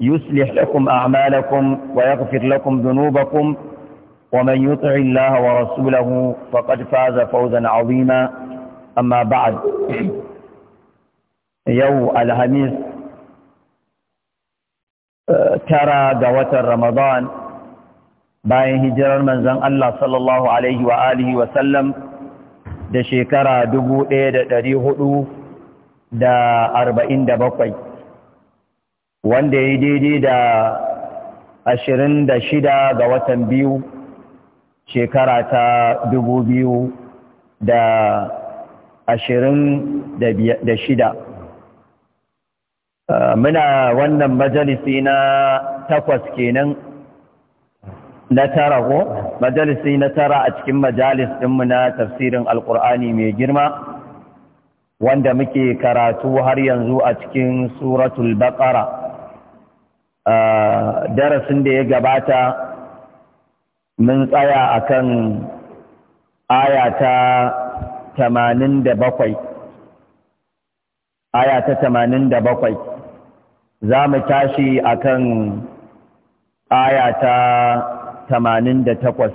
يصلح لكم أعمالكم ويغفر لكم ذنوبكم ومن يطع الله ورسوله فقد فاز فوزا عظيما أما بعد يو الهميس ترى قوات رمضان bayan hijirar manzon Allah sallallahu Alaihi wa alihi wasallam da shekara bakwai. wanda ya yi daidai da ashirin da shida ga watan biyu shekara ta dubu biyu da ashirin da shida uh, muna wannan majalisi na takwas kenan na tara ko majalisi na tara a cikin majalis ɗinmu na tafsirin Alƙur'ani mai girma wanda muke karatu har yanzu a cikin suratul baqara darasin da ya gabata mun tsaya kan aya ta tamanin da bakwai aya ta tamanin da bakwai za mu tashi kan aya ta tamanin da takwas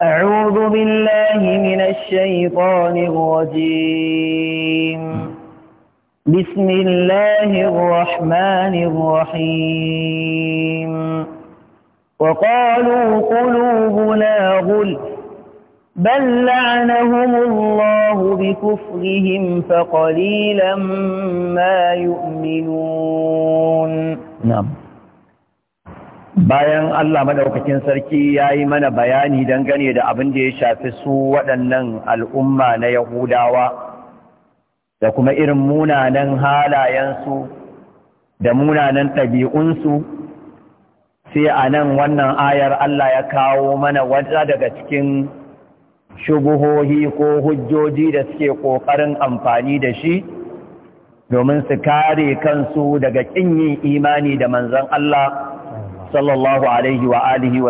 أعوذ بالله من الشيطان الرجيم بسم الله الرحمن الرحيم وقالوا قلوبنا غلف بل لعنهم الله بكفرهم فقليلا ما يؤمنون نعم bayan Allah madaukakin sarki yayi mana bayani dangane da abin da ya shafi su waɗannan al'umma na Yahudawa da kuma irin munanan halayensu da munanan ɗabi'unsu sai a nan wannan ayar Allah ya kawo mana wata daga cikin shubuhohi ko hujjoji da suke ƙoƙarin amfani da shi domin su kare kansu daga ƙinyin imani da manzon Allah sallallahu Alaihi wa alihi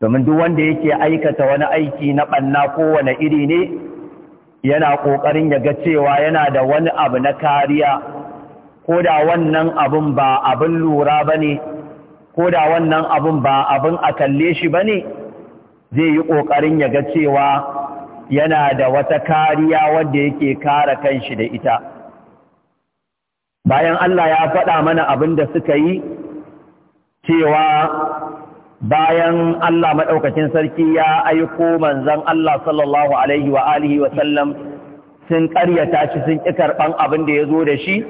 domin duk wanda yake aikata wani aiki na ɓanna kowane iri ne yana ƙoƙarin ya ga cewa yana da wani abu na kariya ko da wannan abin ba abin lura ba ne ko da wannan abun ba abin a kalle shi ba ne zai yi ƙoƙarin ya ga cewa yana da wata kariya wanda yake kare kanshi da ita bayan Allah ya faɗa mana abin da suka yi cewa bayan Allah maɗaukacin sarki ya aiko manzan Allah sallallahu Alaihi wa alihi sun ƙaryata shi sun ƙi karɓan abin da ya zo da shi,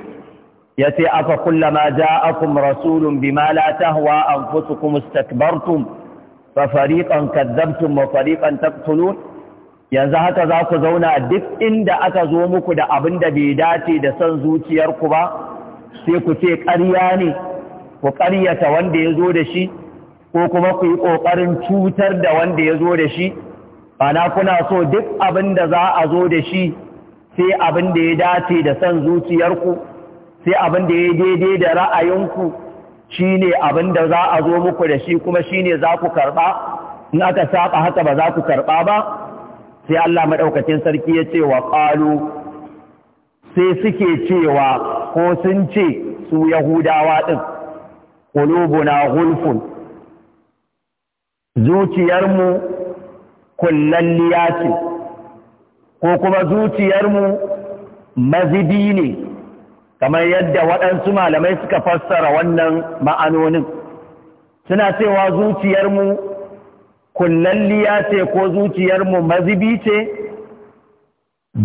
ya ce, aka kullama ja'akum rasulun Bimala, tahwa anfusukum istakbartum fa fariqan kadzabtum wa fariqan yanzu haka za ku zauna duk inda aka zo muku da abin da bai dace da son zuciyarku ba sai ku ce ƙarya ne ku ƙaryata wanda ya zo da shi ko kuma ku yi ƙoƙarin cutar da wanda ya zo da shi ana kuna so duk abin da za a zo da shi sai abin da ya dace da son zuciyarku sai abin da ya daidai da ra'ayinku shi ne abin da za a zo muku da shi kuma shi ne za ku karɓa in aka saɓa haka ba za ku karɓa ba sai Allah maɗaukacin sarki ya ce wa ƙalu sai suke cewa ko sun ce su yahudawa ɗin ƙulubuna gulfun zuciyarmu kullalliya ce ko kuma zuciyarmu mazibi ne kamar yadda waɗansu malamai suka fassara wannan ma'anonin suna cewa zuciyarmu kullalliya ce ko zuciyarmu mazibi ce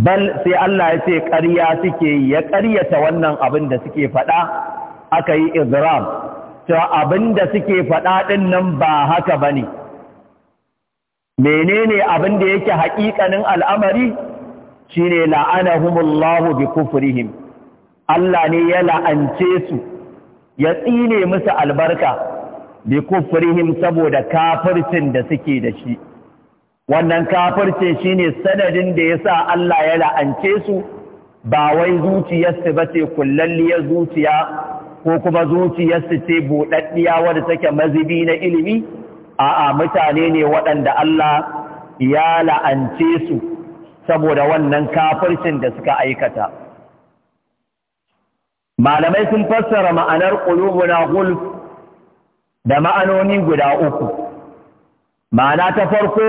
bal sai Allah ya ce ƙarya suke ya ƙaryata wannan abin da suke faɗa aka yi izram to abin da suke faɗa ɗin nan ba haka bane. menene abin da yake haƙiƙanin al'amari shine la'anahumullahu bi kufurihim Allah ne ya la'ance su ya tsine musu albarka bi kufurihim saboda kafircin da suke da shi wannan kafircin shine sanadin da ya sa Allah ya la'ance su ba wai zuciyarsu ba ce kullalliyar zuciya ko kuma zuciyarsu ce buɗaɗɗiya wadda take mazibi na ilimi a'a mutane ne waɗanda Allah ya la'ance su saboda wannan kafircin da suka aikata malamai sun fassara ma'anar qulubuna gulf da ma'anoni guda uku ma'ana ta farko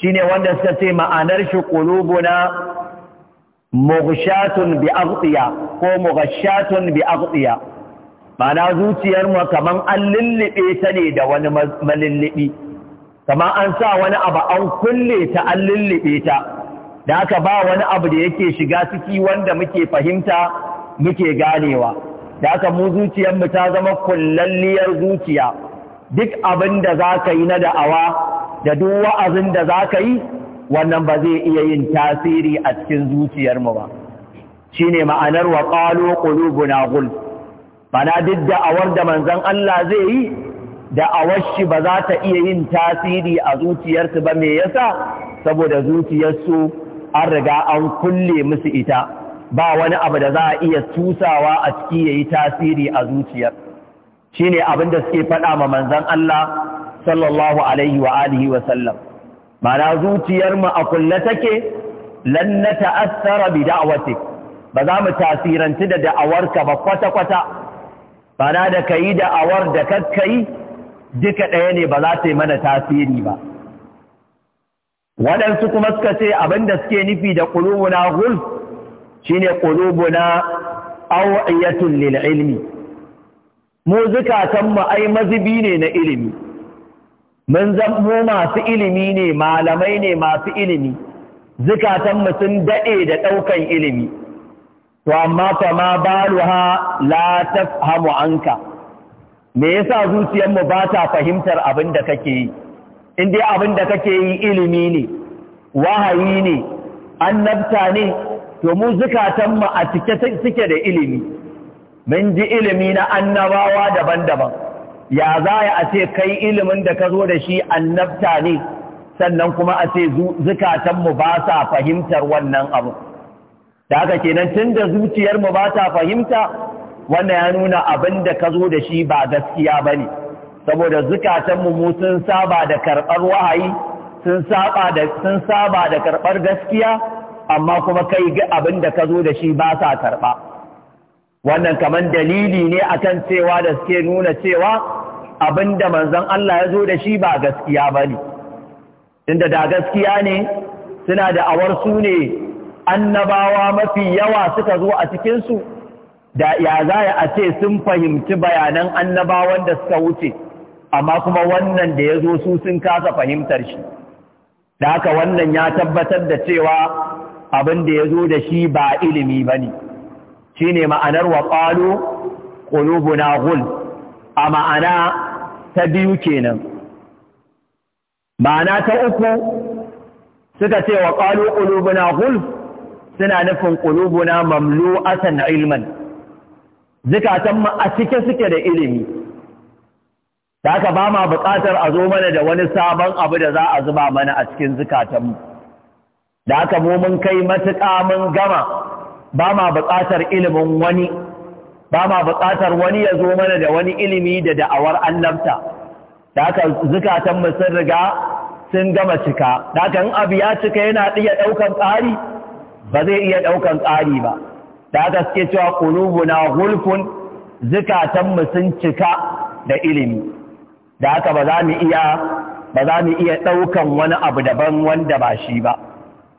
shine wanda suka ce ma'anar shi qulubuna mughshatun bi ko mughshatun bi ma'ana zuciyarmu kaman an lullube ta ne da wani malullubi kaman an sa wani abu an kulle ta an lullube ta da aka ba wani abu da yake shiga ciki wanda muke fahimta muke ganewa da aka mu zuciyarmu ta zama kullalliyar zuciya duk abin da za yi na da'awa da duk wa'azin da zaka yi wannan ba zai iya yin tasiri a cikin zuciyarmu ba shine ma'anar wa ƙalo qulubuna ghulf bana duk da'awar da manzan Allah zai yi da'awar shi ba za ta iya yin tasiri a zuciyarsu ba me yasa saboda zuciyarsu an riga an kulle musu ita ba wani abu da za a iya tusawa a ciki yayi tasiri a zuciyar shine abin da suke faɗa ma manzan Allah sallallahu alaihi mana zuciyar mu a kulle take lan na ta'assara bi da'awatik ba za mu tasiranci da da'awarka ba kwata-kwata bana da kayi da awar da kakkai duka ɗaya ne ba za ta yi mana tasiri ba waɗansu kuma suka ce abinda suke nufi da ƙulubuna hul ne ƙulubuna awiyatun lil ilmi mu zukatan mu ai mazubi ne na ilimi mun zammu masu ilimi ne malamai ne masu ilimi Zikatanmu sun daɗe da ɗaukan ilimi to amma fa ma baluha la tafhamu anka me yasa zuciyar mu ba ta fahimtar abin da kake yi in dai abin da kake yi ilimi ne wahayi ne annabta ne to mu zukatan mu a cike suke da ilimi mun ji ilimi na annabawa daban-daban ya za a ce kai ilimin da ka zo da shi annabta ne sannan kuma a ce zukatan mu ba sa fahimtar wannan abu da haka kenan tun da mu ba ta fahimta wannan ya nuna abin da ka zo da shi ba gaskiya ba ne saboda zukatanmu mu sun saba da karɓar wahayi sun saba da karɓar gaskiya amma kuma kai ga abin da ka zo da shi ba sa karɓa wannan kamar dalili ne akan cewa da suke nuna cewa abin da manzon Allah ya zo da shi ba gaskiya ba ne tunda da gaskiya ne suna da awar su ne annabawa mafi yawa suka zo a cikinsu da ya za a ce sun fahimci bayanan annabawan da suka wuce amma kuma wannan da ya zo su sun kasa fahimtar shi da haka wannan ya tabbatar da cewa abin da ya zo da shi ba ilimi ba ne shi ne ma'anar wa ƙwalo ƙulubuna gul a ma'ana ta biyu kenan ma'ana ta uku suka ce wa ƙwalo ƙulubuna gul suna nufin Mamlu mamlu'atan ilman zikatan ma a cike suke da ilimi da ka ba ma buƙatar a zo mana da wani sabon abu da za a zuba mana a cikin zukatan mu da aka mu mun kai matuƙa mun gama ba ma buƙatar ilimin wani ba ma buƙatar wani ya zo mana da wani ilimi da da'awar annabta da aka zukatanmu mu sun riga sun gama cika da aka in abu ya cika yana iya ɗaukan tsari ba zai iya ɗaukan ƙari ba da gaske suke cewa na hulfun zukatanmu sun cika da ilimi da haka ba za mu iya ɗaukan wani abu daban wanda ba shi ba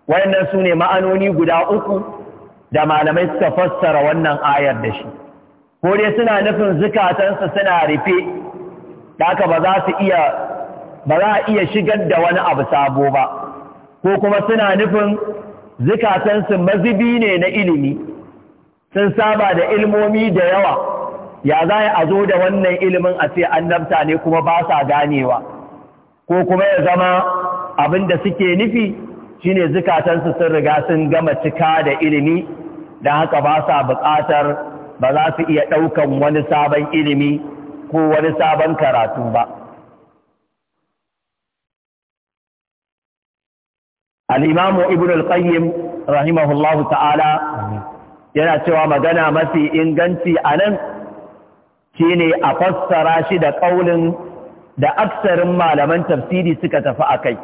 wayannan su ne ma'anoni guda uku da malamai suka fassara wannan ayar da shi ko dai suna nufin zukatansu suna rufe da haka ba za su iya ba za a iya shigar da wani abu sabo ba ko kuma suna nufin zukatansu mazubi ne na ilimi sun saba da ilmomi da yawa ya za a zo da wannan ilimin a ce annabta ne kuma ba sa ganewa ko kuma ya zama abin da suke nufi shine zukatansu sun riga sun gama cika da ilimi don haka ba sa buƙatar ba za su iya ɗaukan wani sabon ilimi ko wani sabon karatu ba al'imamu ibn al-qayyim rahimahullahu ta'ala yana cewa magana mafi inganci a nan shi ne a fassara shi da ƙaunin da aksarin malaman tafsiri suka tafi a kai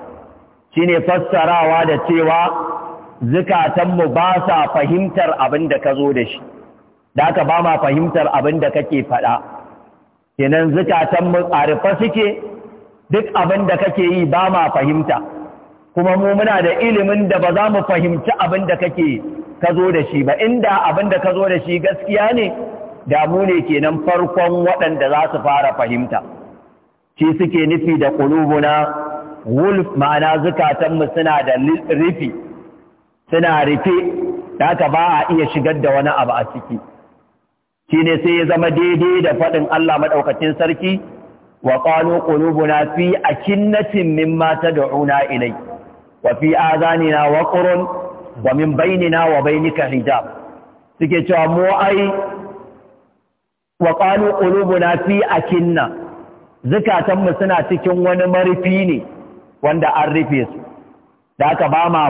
shi ne fassarawa da cewa zukatanmu ba sa fahimtar abin da ka zo da shi da aka ba ma fahimtar abin da kake faɗa kenan zukatanmu a suke duk abin da kake yi ba ma fahimta kuma mu muna da ilimin da ba za mu fahimci abin da kake ka zo da shi ba inda abin da ka zo da shi gaskiya ne da mu ne kenan farkon waɗanda za su fara fahimta shi suke nufi da ƙulubuna wulf ma'ana zukatanmu suna da rufi suna rufe haka ba a iya shigar da wani abu a ciki shi ne sai ya zama daidai da faɗin Allah maɗaukacin sarki wa ƙwano ƙulubuna fi a kinnatin min mata da'una ilai wa fi azanina waqrun wa min bainina wa bainika hijab suke cewa mu ai wa qalu qulubuna fi akinna zakatan mu suna cikin wani marfi ne wanda an rufe su da aka ba ma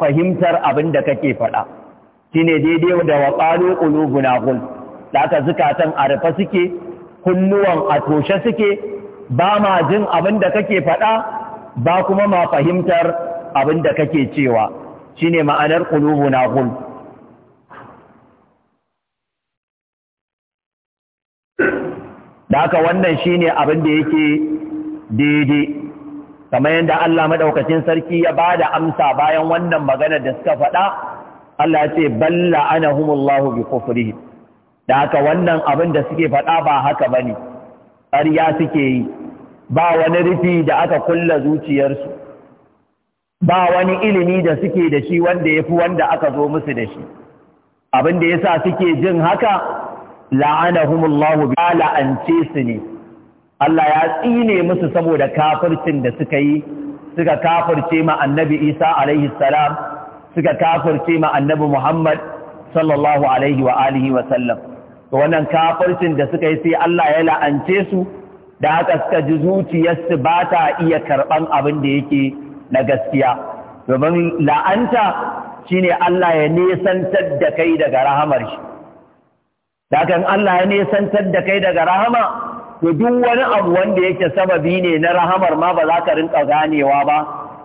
fahimtar abin da kake faɗa shine daidai da wa qalu qulubuna gul da aka zakatan a rufe suke kunnuwan a toshe suke ba ma jin abin da kake faɗa ba kuma ma fahimtar abin da kake cewa shine ma'anar qulubuna ghul da aka wannan shine abin da yake daidai kamar yadda Allah maɗaukacin sarki ya bada amsa bayan wannan magana da suka faɗa Allah ya ce balla anahumullahu bi kufrihim da aka wannan abin da suke faɗa ba haka bane ƙarya suke yi ba wani rufi da aka kulla zuciyarsu ba wani ilimi da suke da shi wanda ya fi wanda aka zo musu da shi abin da ya sa suke jin haka la'anahumullahu bi la'ance su ne Allah ya tsine musu saboda kafircin da suka yi suka kafirce ma annabi Isa alaihi salam suka kafirce ma annabi Muhammad sallallahu alaihi wa alihi wa sallam to wannan kafircin da suka yi sai Allah ya la'ance su da haka suka ji zuciyarsu ba ta iya karɓan abin da yake na gaskiya domin la'anta shine Allah ya nesantar da kai daga rahamar shi dakan Allah ya nesantar da kai daga rahama to duk wani abu wanda yake sababi ne na rahamar ma ba za ka rinka ganewa ba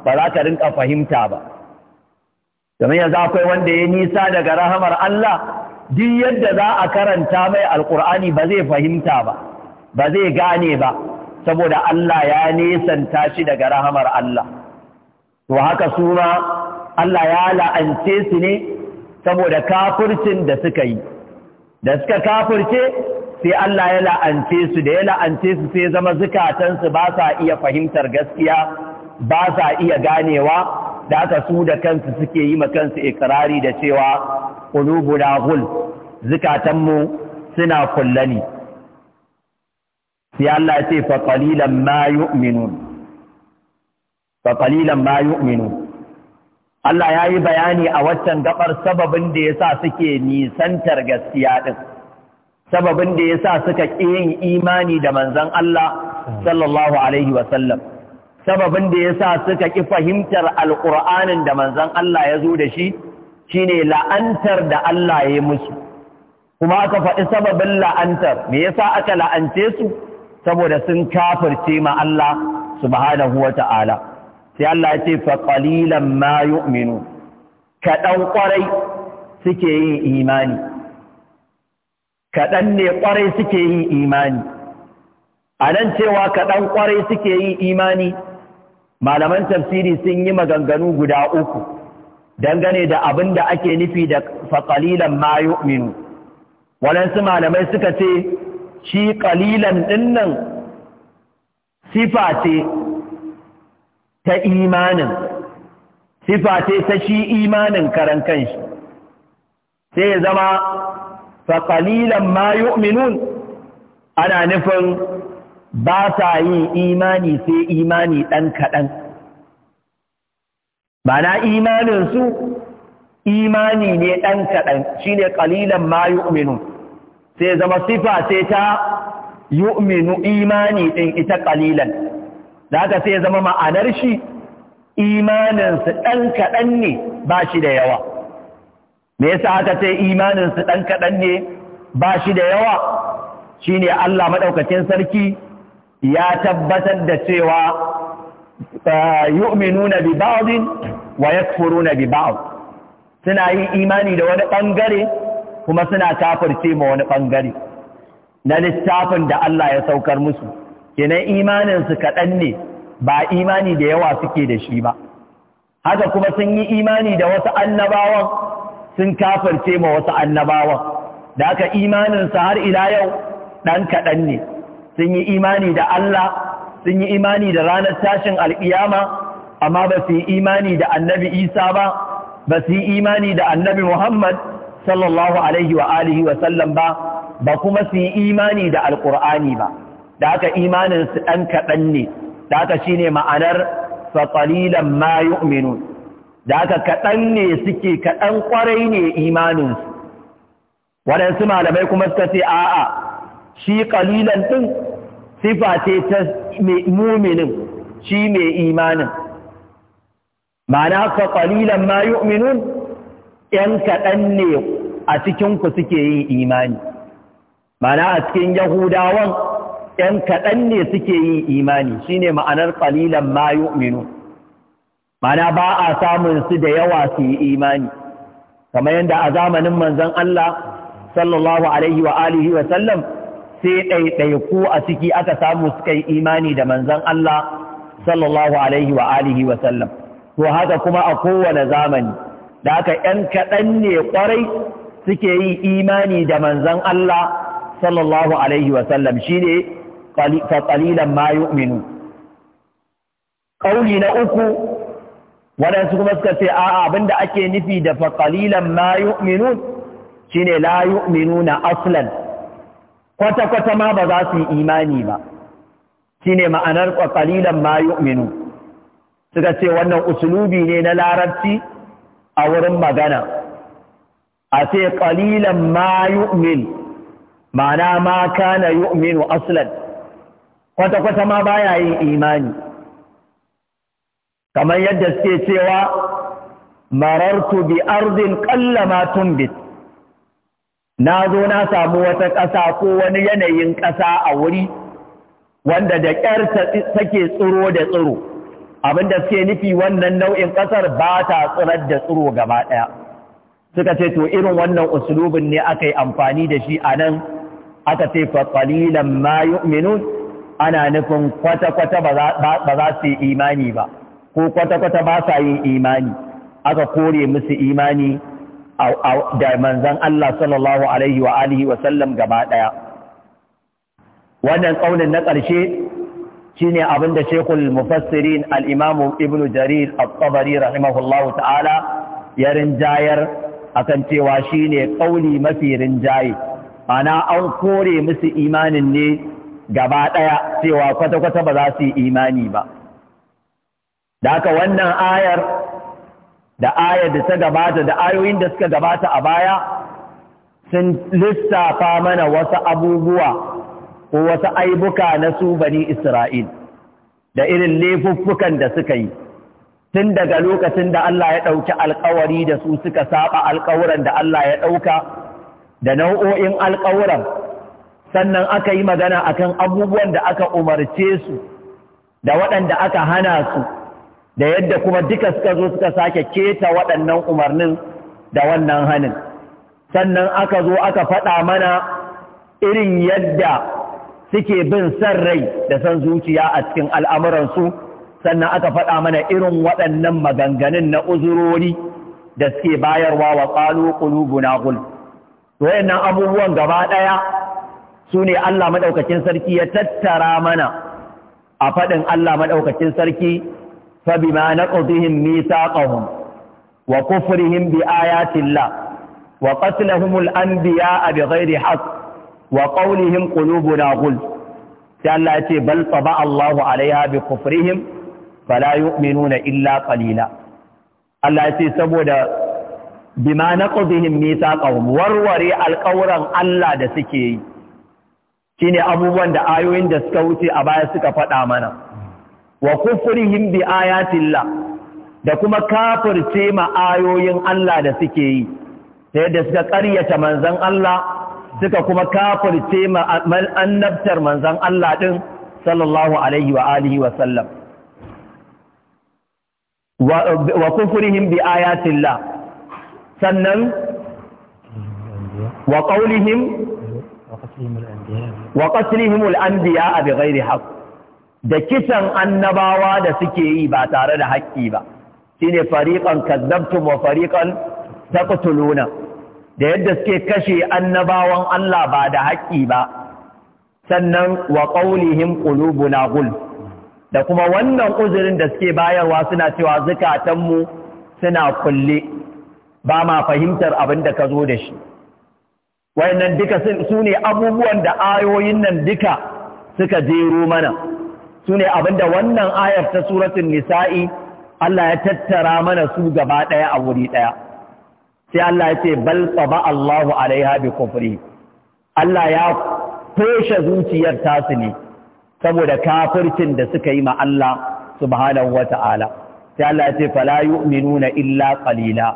ba za ka rinka fahimta ba domin yanzu akwai wanda ya nisa daga rahamar Allah duk yadda za a karanta mai alkur'ani ba zai fahimta ba ba zai gane ba saboda Allah ya nesanta shi daga rahamar Allah to haka su ma Allah ya la'ance su ne saboda kafircin da suka yi da suka kafirce sai Allah ya la'ance su da ya la'ance su sai zama zukatansu ba sa iya fahimtar gaskiya ba sa iya ganewa da aka su da kansu suke yi ma kansu ikirari da cewa qulubuna gul zukatanmu suna kullani sai Allah ya ce fa qalilan ma yu'minun fa qalilan ma yu'minu Allah ya yi bayani a waccan gabar sababin da yasa suke nisantar gaskiya ɗin, sababin da yasa suka ƙi yin imani da manzan Allah sallallahu alaihi Wasallam, sababin da yasa suka ƙi fahimtar alƙur'anin da manzon Allah ya zo da shi shine la'antar da Allah ya yi musu kuma aka faɗi sababin la'antar me yasa aka la'ance su saboda sun kafirce ma Allah subhanahu wa ta'ala sai Allah ya ce fa qalilan ma yu'minu kaɗan ƙwarai suke yin imani kaɗan ne ƙwarai suke yin imani a nan cewa kaɗan ƙwarai suke yin imani malaman tafsiri sun yi maganganu guda uku dangane da abin da ake nufi da faƙalilan ma yu'minu waɗansu malamai suka ce shi ƙalilan ɗinnan sifa ce ta imanin sifa ce ta shi imanin karan kanshi sai ya zama faƙalilan ma yu'minun ana nufin ba sa yin imani sai imani ɗan kaɗan ba na imaninsu imani ne ɗan kaɗan shi ne ƙalilan ma yu'minun sai zama sifa sai ta yu'minu imani ɗin ita ƙalilan da haka sai ya zama ma'anar shi imaninsu ɗan kaɗan ne ba shi da yawa me yasa aka ce imaninsu ɗan kaɗan ne ba shi da yawa Shi ne Allah maɗaukacin sarki ya tabbatar da cewa yu'minuna bi ba'din wa na bi ba'd suna yi imani da wani ɓangare kuma suna kafirce ma wani ɓangare. na littafin da Allah ya saukar musu kenan imaninsu kaɗan ne ba imani da yawa suke da shi ba haka kuma sun yi imani da wasu annabawan sun kafarce ma wasu annabawan da haka imaninsu har ila yau ɗan kaɗan ne sun yi imani da Allah sun yi imani da ranar tashin alƙiyama amma ba su yi imani da annabi isa ba ba su yi imani da annabi muhammad sallallahu alaihi wa alihi wa sallam ba ba kuma su yi imani da alƙur'ani ba da aka imanin ɗan kaɗan ne da aka shi ne ma'anar fatsalilan ma yu'minun da aka kaɗan ne suke kaɗan ƙwarai ne imaninsu waɗansu malamai kuma suka ce a'a shi ƙalilan ɗin sifa ce ta muminin shi mai imanin ma'ana fatsalilan ma yu'minun ‘yan kaɗan ne a cikinku suke yin imani ma'ana a cikin yahudawan ‘yan kaɗan ne suke yin imani Shi ne ma'anar ƙalilan ma yu'minu mana ba a samun su da yawa su yi imani kamar yadda a zamanin manzan Allah sallallahu alaihi wa alihi wa sallam sai ɗaiɗaiku a ciki aka samu suka yi imani da manzan Allah sallallahu alaihi wa alihi wa sallam to haka kuma a kowane zamani da haka ‘yan kaɗan ne ƙwarai suke yi imani da manzan Allah sallallahu alaihi wa sallam ne. fa qalilan ma yu'minu kauli na uku waɗansu kuma suka ce a'a abinda ake nufi da fa qalilan ma yu'minu shine la na aslan kwata kwata ma ba za su yi imani ba shine ma'anar fa qalilan ma yu'minu suka ce wannan usulubi ne na larabci a wurin magana a ce qalilan ma yu'min ma'ana ma kana yu'minu aslan kwata-kwata ma baya yin imani kamar yadda suke cewa marartu bi ardin kallama tumbit na zo na samu wata ƙasa ko wani yanayin ƙasa a wuri wanda da ƙyar take tsiro da tsiro abinda suke nufi wannan nau'in ƙasar ba ta tsirar da tsiro gaba ɗaya suka ce to irin wannan usulubin ne aka yi amfani da shi a nan aka ce fa qalilan ma yu'minun ana nufin kwata-kwata ba za su yi imani ba ko kwata-kwata ba sa yin imani aka kore musu imani da manzan Allah sallallahu alaihi wa alihi wa sallam gaba ɗaya wannan ƙaunin na ƙarshe shine abin da Sheikhul Mufassirin al-Imam Ibn Jarir at-Tabari rahimahullahu ta'ala ya rinjayar akan cewa shine ƙauni mafi rinjaye ana an kore musu imanin ne gaba ɗaya cewa kwata-kwata ba za su yi imani ba da haka wannan ayar da ayar da ta gabata da ayoyin da suka gabata a baya sun lissafa mana wasu abubuwa ko wasu aibuka na su bani Isra'il da irin laifuffukan da suka yi tun daga lokacin da Allah ya ɗauki alkawari da su suka saba alkawuran da Allah ya ɗauka da nau'o'in alkawuran sannan aka yi magana akan abubuwan da aka umarce su da waɗanda aka hana su da yadda kuma duka suka zo suka sake keta waɗannan umarnin da wannan hanin sannan aka zo aka faɗa mana irin yadda suke bin san rai da san zuciya a cikin al'amuransu sannan aka faɗa mana irin waɗannan maganganun na uzurori da suke bayarwa wa ƙalo ƙulubu na gul. To, abubuwan gaba ɗaya su ne Allah maɗaukacin sarki ya tattara mana a faɗin Allah maɗaukacin sarki fabi ma na ƙudihin ƙahun wa kufurihin bi ayatillah wa ƙasilahumul an biya a bi ghairi haƙ wa ƙaunihin ƙulubu na gul sai Allah ya ce bal tsaba Allahu alaiha bi kufurihim fala yu'minuna illa qalila Allah ya ce saboda bima na ƙudihin ƙahun warware alƙawuran Allah da suke yi ne abubuwan da ayoyin da suka wuce a baya suka faɗa mana wa kufrihim bi ayatillah da kuma kafirce ma ayoyin Allah da suke yi ta yadda suka ƙaryata manzan Allah suka kuma kafirce ma annabtar manzan Allah ɗin, sallallahu alaihi wa alihi wa sallam wa kufrihim bi ayatillah sannan wa ƙaulihim wa qatlihimul a bi ghairi haqq da kisan annabawa da suke yi ba tare da haƙƙi ba shine fariƙan kadzabtum wa fariqan taqtuluna da yadda suke kashe annabawan Allah ba da haƙƙi ba sannan wa qawlihim na gulf da kuma wannan uzurin da suke bayarwa suna cewa zukatanmu suna kulle ba ma fahimtar abin da ka zo da shi wayannan duka sune abubuwan da ayoyin nan duka suka jero mana Sune abinda wannan ayar ta suratun nisa'i Allah ya tattara mana su gaba ɗaya a wuri ɗaya sai Allah ya ce bal tsaba Allahu alaiha bi kufri Allah ya toshe zuciyar tasu ne saboda kafircin da suka yi ma Allah subhanahu wata'ala sai Allah ya ce fala yu'minuna illa qalila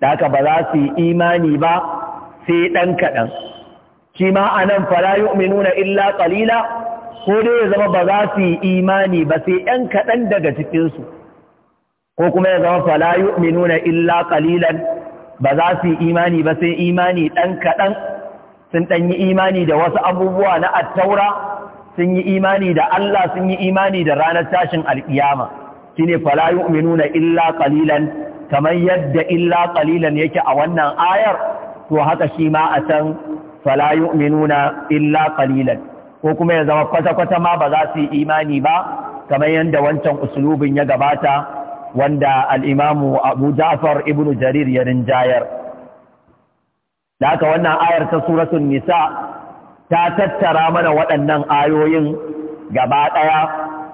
da haka ba za su yi imani ba sai ɗan kaɗan shi ma a nan fara yu'minuna illa ƙalila ko dai ya zama ba za su yi imani ba sai ɗan kaɗan daga cikinsu ko kuma ya zama fara yu'minuna illa ƙalilan ba za su yi imani ba sai imani ɗan kaɗan sun ɗan yi imani da wasu abubuwa na attaura sun yi imani da Allah sun yi imani da ranar tashin al'iyama shi ne fala yu'minuna illa ƙalilan kamar yadda illa ƙalilan yake a wannan ayar to haka shi ma a can fala minuna illa kalilan ko kuma ya zama kwata-kwata ma ba za su yi imani ba kamar yadda wancan usulubin ya gabata wanda al'imamu abu ja'far ibn jarir ya rinjayar da haka wannan ayar ta suratun nisa ta tattara mana waɗannan ayoyin gaba ɗaya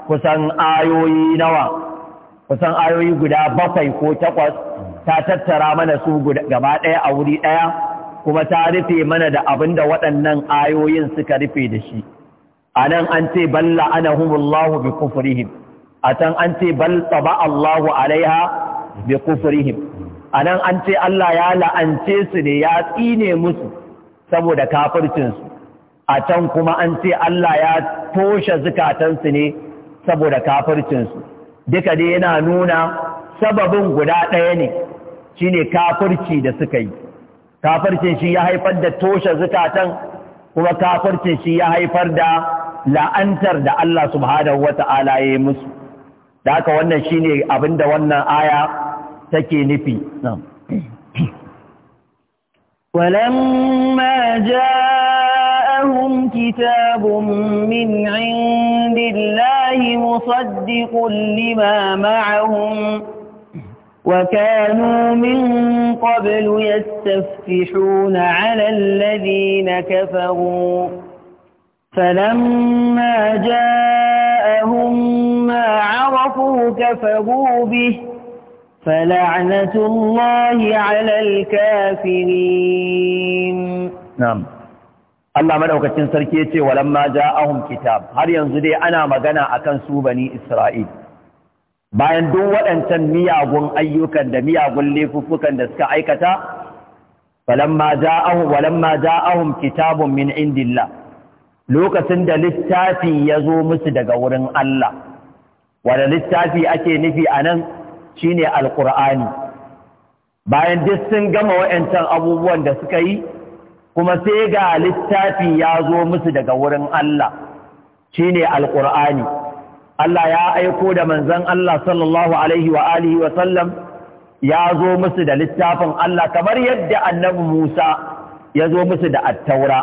kusan ayoyi nawa kusan ayoyi guda bakwai ko takwas ta tattara mana su gaba ɗaya a wuri ɗaya kuma ta rufe mana da abin da waɗannan ayoyin suka rufe da shi a nan an ce balla ana humullahu bi kufurihim a can an ce bal taba Allahu alaiha bi kufurihim a nan an ce Allah ya la'ance su ne ya tsine musu saboda kafircinsu a can kuma an ce Allah ya toshe zukatansu ne saboda kafircinsu duka dai yana nuna sababin guda ɗaya ne Shi ne kafirci da suka yi kafircin shi ya haifar da toshe zukatan kuma kafircin shi ya haifar da la'antar da Allah subhanahu wata'ala ya yi musu da haka wannan shi shine abinda wannan aya take nufi ولما جاءهم كتاب من عند الله مصدق لما معهم وكانوا من قبل يستفتحون على الذين كفروا فلما جاءهم ما عرفوا كفروا به فلعنة الله على الكافرين نعم الله madaukakin sarki yace ولما جاءهم كتاب هل yanzu أنا ana magana akan su إسرائيل bayan duk waɗancan miyagun ayyukan da miyagun laifuffukan da suka aikata ma za walamma ja'ahum kitabun min indilla. lokacin da littafi ya zo musu daga wurin Allah wanda littafi ake nufi anan shine Alƙur'ani. bayan duk sun gama waɗancan abubuwan da suka yi kuma sai ga littafi ya zo musu daga wurin Allah shine Alƙur'ani. Allah ya aiko da manzan Allah sallallahu Alaihi wa alihi wa sallam ya zo musu da littafin Allah kamar yadda annabi Musa ya zo musu da attaura.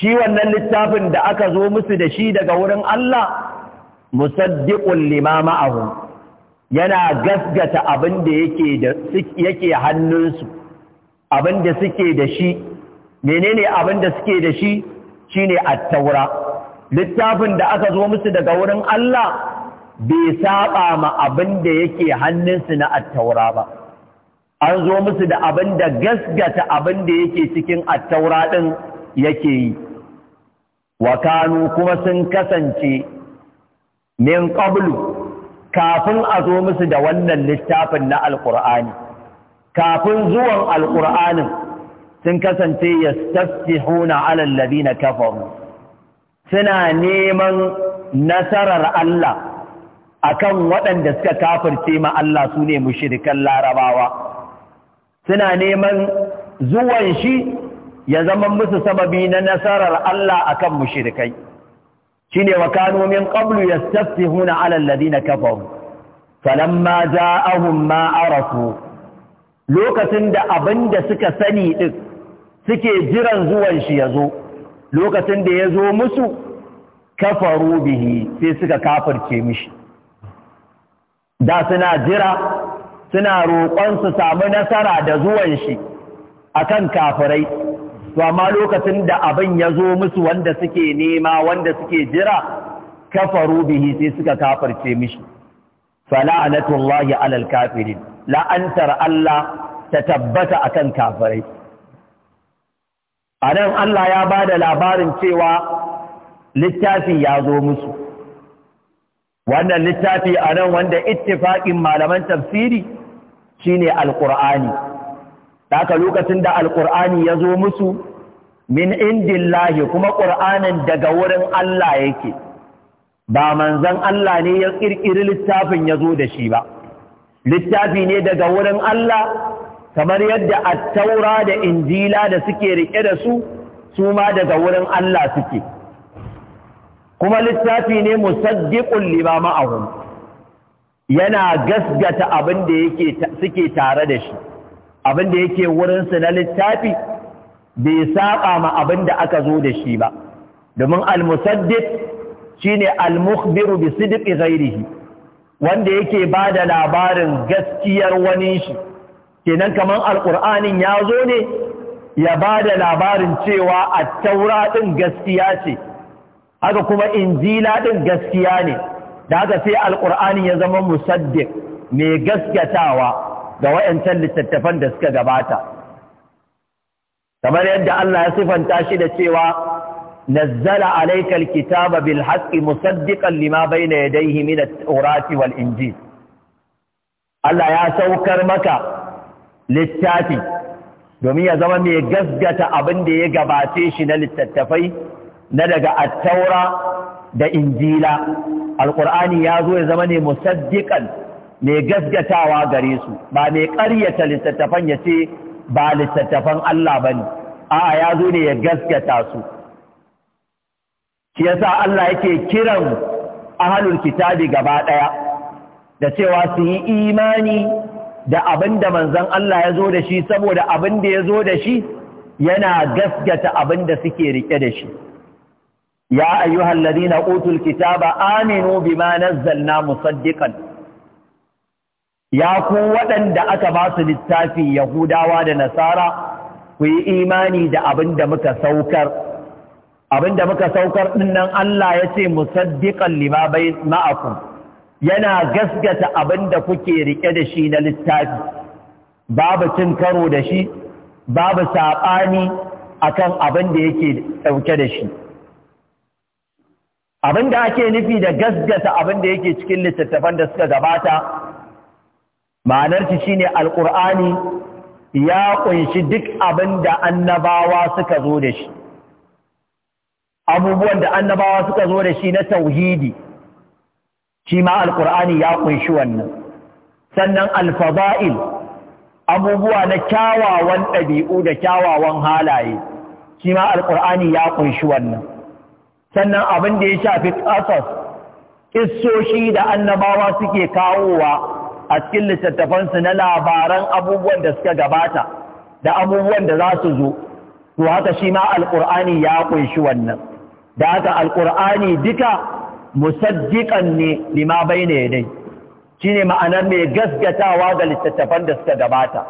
Shi wannan littafin da aka zo musu da shi daga wurin Allah, musaddiƙun limama ahu, yana gasgata abin da yake hannunsu, abin da suke da shi, menene abin da suke da shi shi ne attaura. littafin da aka zo musu daga wurin Allah bai saba ma abin da yake hannunsu na attaura ba an zo musu da abin da gasgata abin da yake cikin attaura din yake yi wa kuma sun kasance min qablu kafin a zo musu da wannan littafin na alqur'ani kafin zuwan alqur'anin sun kasance yastafihuna na kafa kafaru suna neman nasarar Allah akan waɗanda suka kafirce ma Allah su ne mushirikan larabawa suna neman zuwan shi ya zama musu sababi na nasarar Allah akan mushirikai shine wa kanu min qablu yastafihuna ala alladhina kafaru falamma ja'ahum ma arafu lokacin da abinda suka sani din suke jiran zuwan shi zo. lokacin da ya zo musu kafaru bihi sai suka kafirce mishi da suna jira suna roƙon su samu nasara da zuwan shi akan kafirai to amma lokacin da abin ya zo musu wanda suke nema wanda suke jira kafaru bihi sai suka kafarce mishi fala'anatullahi alal kafirin la'antar Allah ta tabbata akan kafirai a nan Allah ya ba da labarin cewa littafi ya zo musu wannan littafi a nan wanda ittifaƙin malaman tafsiri shine alƙur'ani haka lokacin da alƙur'ani ya zo musu min indillahi kuma ƙur'anin daga wurin Allah yake ba manzan Allah ne ya ƙirƙiri littafin ya zo da shi ba littafi ne daga wurin Allah kamar yadda attaura da injila da suke rike da su su ma daga wurin Allah suke kuma littafi ne musaddiqun lima ma'ahum yana gasgata abin da yake suke tare da shi abin da yake wurin su na littafi bai saba ma abin da aka zo da shi ba domin al-musaddiq shine al mukhbir bi sidqi ghairihi wanda yake bada labarin gaskiyar wani shi kenan kamar alƙur'anin ya zo ne ya ba da labarin cewa a taura ɗin gaskiya ce haka kuma injila ɗin gaskiya ne da haka sai alƙur'anin ya zama musaddiq mai gaskatawa ga wa'yancan littattafan da suka gabata kamar yadda Allah ya sifanta shi da cewa nazzala alaikal kitaba bil haqqi musaddiqan lima bayna yadayhi min at-taurati wal injil Allah ya saukar maka littafi domin ya zama mai gasgata abin da ya gabace shi na littattafai na daga attaura da injila alkur'ani ya zo ya zama ne musaddiƙan mai gasgatawa gare su ba mai ƙaryata littattafan ya ce ba littattafan Allah ba ne a'a ya zo ne ya gasgata su shi yasa Allah yake kiran ahalul kitabi gaba ɗaya da cewa su yi imani da abin da manzan Allah ya zo da shi saboda abin da ya zo da shi yana gaskata abin da suke rike da shi ya ayyuhal ladina utul kitaba aminu bima nazzalna musaddiqan ya ku waɗanda aka ba su littafi yahudawa da nasara ku yi imani da abin da muka saukar abin da muka saukar ɗin Allah ya ce musaddiqan lima bai yana gasgata abin da kuke rike da shi na littafi babu cin karo da shi babu saɓani akan abin da yake ɗauke da shi abin da ake nufi da gasgata abin da yake cikin littattafan da suka gabata ma'anarci shine alkur'ani ya kunshi duk abin da annabawa suka zo da shi abubuwan da annabawa suka zo da shi na tauhidi shi ma alkur'ani ya kunshi wannan sannan alfaba'il abubuwa na kyawawan ɗabi'u da kyawawan halaye shi ma alkur'ani ya kunshi wannan sannan abin da ya shafi ƙasas ƙissoshi da annabawa suke kawowa a cikin littattafansu na labaran abubuwan da suka gabata da abubuwan da za su zo to haka shi ma alkur'ani ya kunshi wannan da haka alkur'ani duka musaddiƙan ne lima bai ne dai shi ne ma'anar mai gasgatawa ga littattafan da suka gabata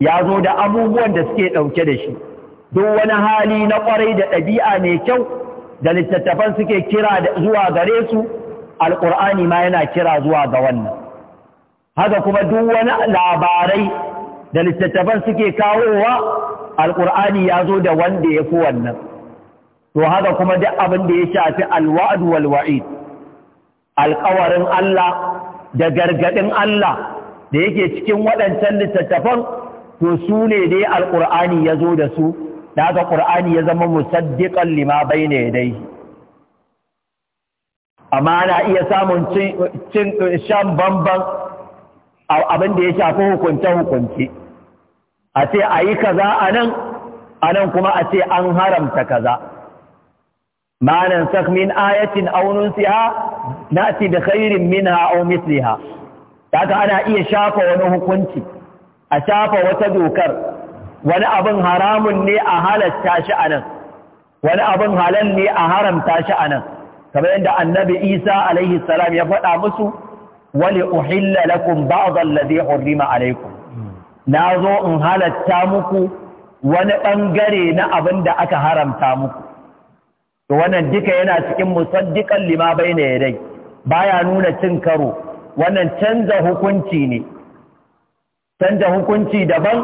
ya zo da abubuwan da suke ɗauke da shi duk wani hali na ƙwarai da ɗabi'a mai kyau da littattafan suke kira zuwa gare su alƙur'ani ma yana kira zuwa ga wannan haka kuma duk wani labarai da littattafan suke kawowa alƙur'ani ya zo da wanda ya fi wannan to haka kuma duk abin da ya shafi alwa'ad wal wa'id alƙawarin Allah da gargadin Allah da yake cikin waɗancan littattafan to su ne dai alƙur'ani ya zo da su da haka ƙur'ani ya zama musaddiƙan lima bai ne dai amma ana iya samun cin shan bamban abin da ya shafi hukunce-hukunce a ce a yi kaza anan, anan kuma a ce an haramta kaza ma nan sak min ayatin aw nunsiha nati bi khairin minha aw misliha kaga ana iya shafa wani hukunci a shafa wata dokar wani abin haramun ne a halatta shi anan wani abin halal ne a haramta shi anan kamar yadda annabi Isa alaihi salam ya faɗa musu wali uhilla lakum ba'd zai hurrima Na nazo in halatta muku wani bangare na abin da aka haramta muku to wannan duka yana cikin musaddiqan lima bayna yadai baya nuna cin karo wannan canza hukunci ne canza hukunci daban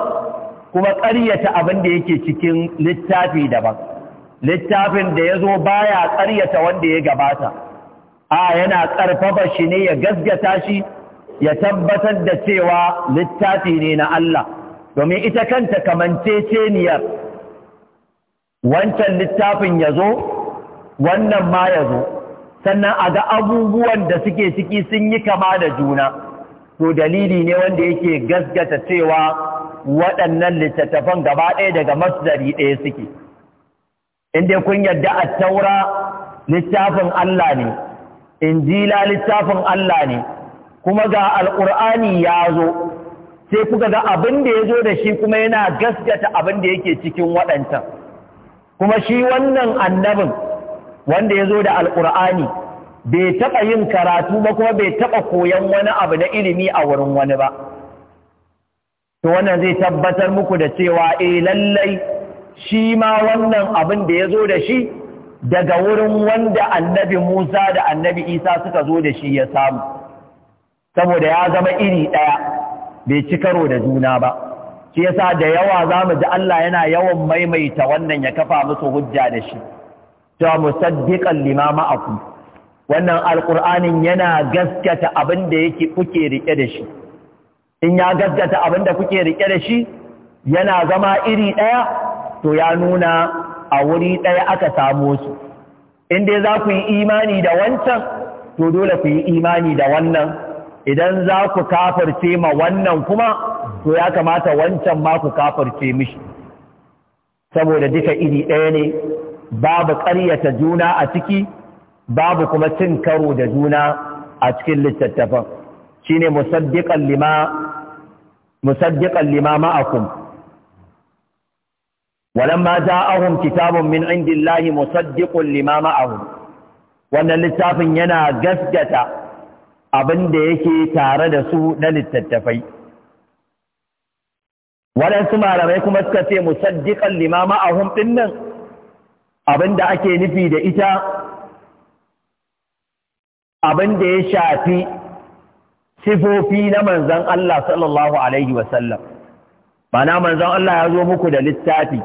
kuma ƙaryata abin da yake cikin littafi daban littafin da ya zo baya ƙaryata wanda ya gabata a yana ƙarfafa shi ne ya gasgata shi ya tabbatar da cewa littafi ne na Allah domin ita kanta kamanceceniyar wancan littafin ya zo wannan ma ya zo sannan a ga abubuwan da suke ciki sun yi kama da juna to dalili ne wanda yake gasgata cewa waɗannan littattafan gaba ɗaya daga masdari ɗaya suke inda kun yadda a taura littafin Allah ne injila littafin Allah ne kuma ga alƙur'ani ya zo sai kuka ga abin da ya zo da shi kuma yana gasgata abin da yake cikin waɗancan kuma shi wannan annabin wanda ya zo da Alkur'ani bai taɓa yin karatu ba kuma bai taɓa koyon wani abu na ilimi a wurin wani ba to wannan zai tabbatar muku da cewa eh lallai shi ma wannan abin da ya zo da shi daga wurin wanda annabi Musa da annabi Isa suka zo da shi ya samu saboda ya zama iri ɗaya bai ci karo da juna ba shi yasa da yawa za mu ji Allah yana yawan maimaita wannan ya kafa musu hujja da shi ta musaddiqan lima ma'akum wannan alqur'anin yana gaskata abin da yake kuke rike da shi in ya gaskata abin da kuke rike da shi yana zama iri ɗaya, to ya nuna a wuri ɗaya aka samo su in dai za ku yi imani da wancan to dole ku yi imani da wannan idan za ku kafirce ma wannan kuma to ya kamata wancan ma ku kafirce mishi saboda duka iri ɗaya ne babu ƙaryata juna a ciki babu kuma cin karo da juna a cikin littattafan shine musaddiqan lima musaddiqan lima ma'akum walamma ja'ahum kitabun min indillahi musaddiqun lima wannan littafin yana gaskata abin da yake tare da su na littattafai waɗansu malamai kuma suka ce musaddiƙan lima ma'ahum ɗin nan abin da ake nufi da ita abin da ya shafi sifofi na manzan Allah sallallahu Alaihi wasallam mana manzan Allah ya zo muku da littafi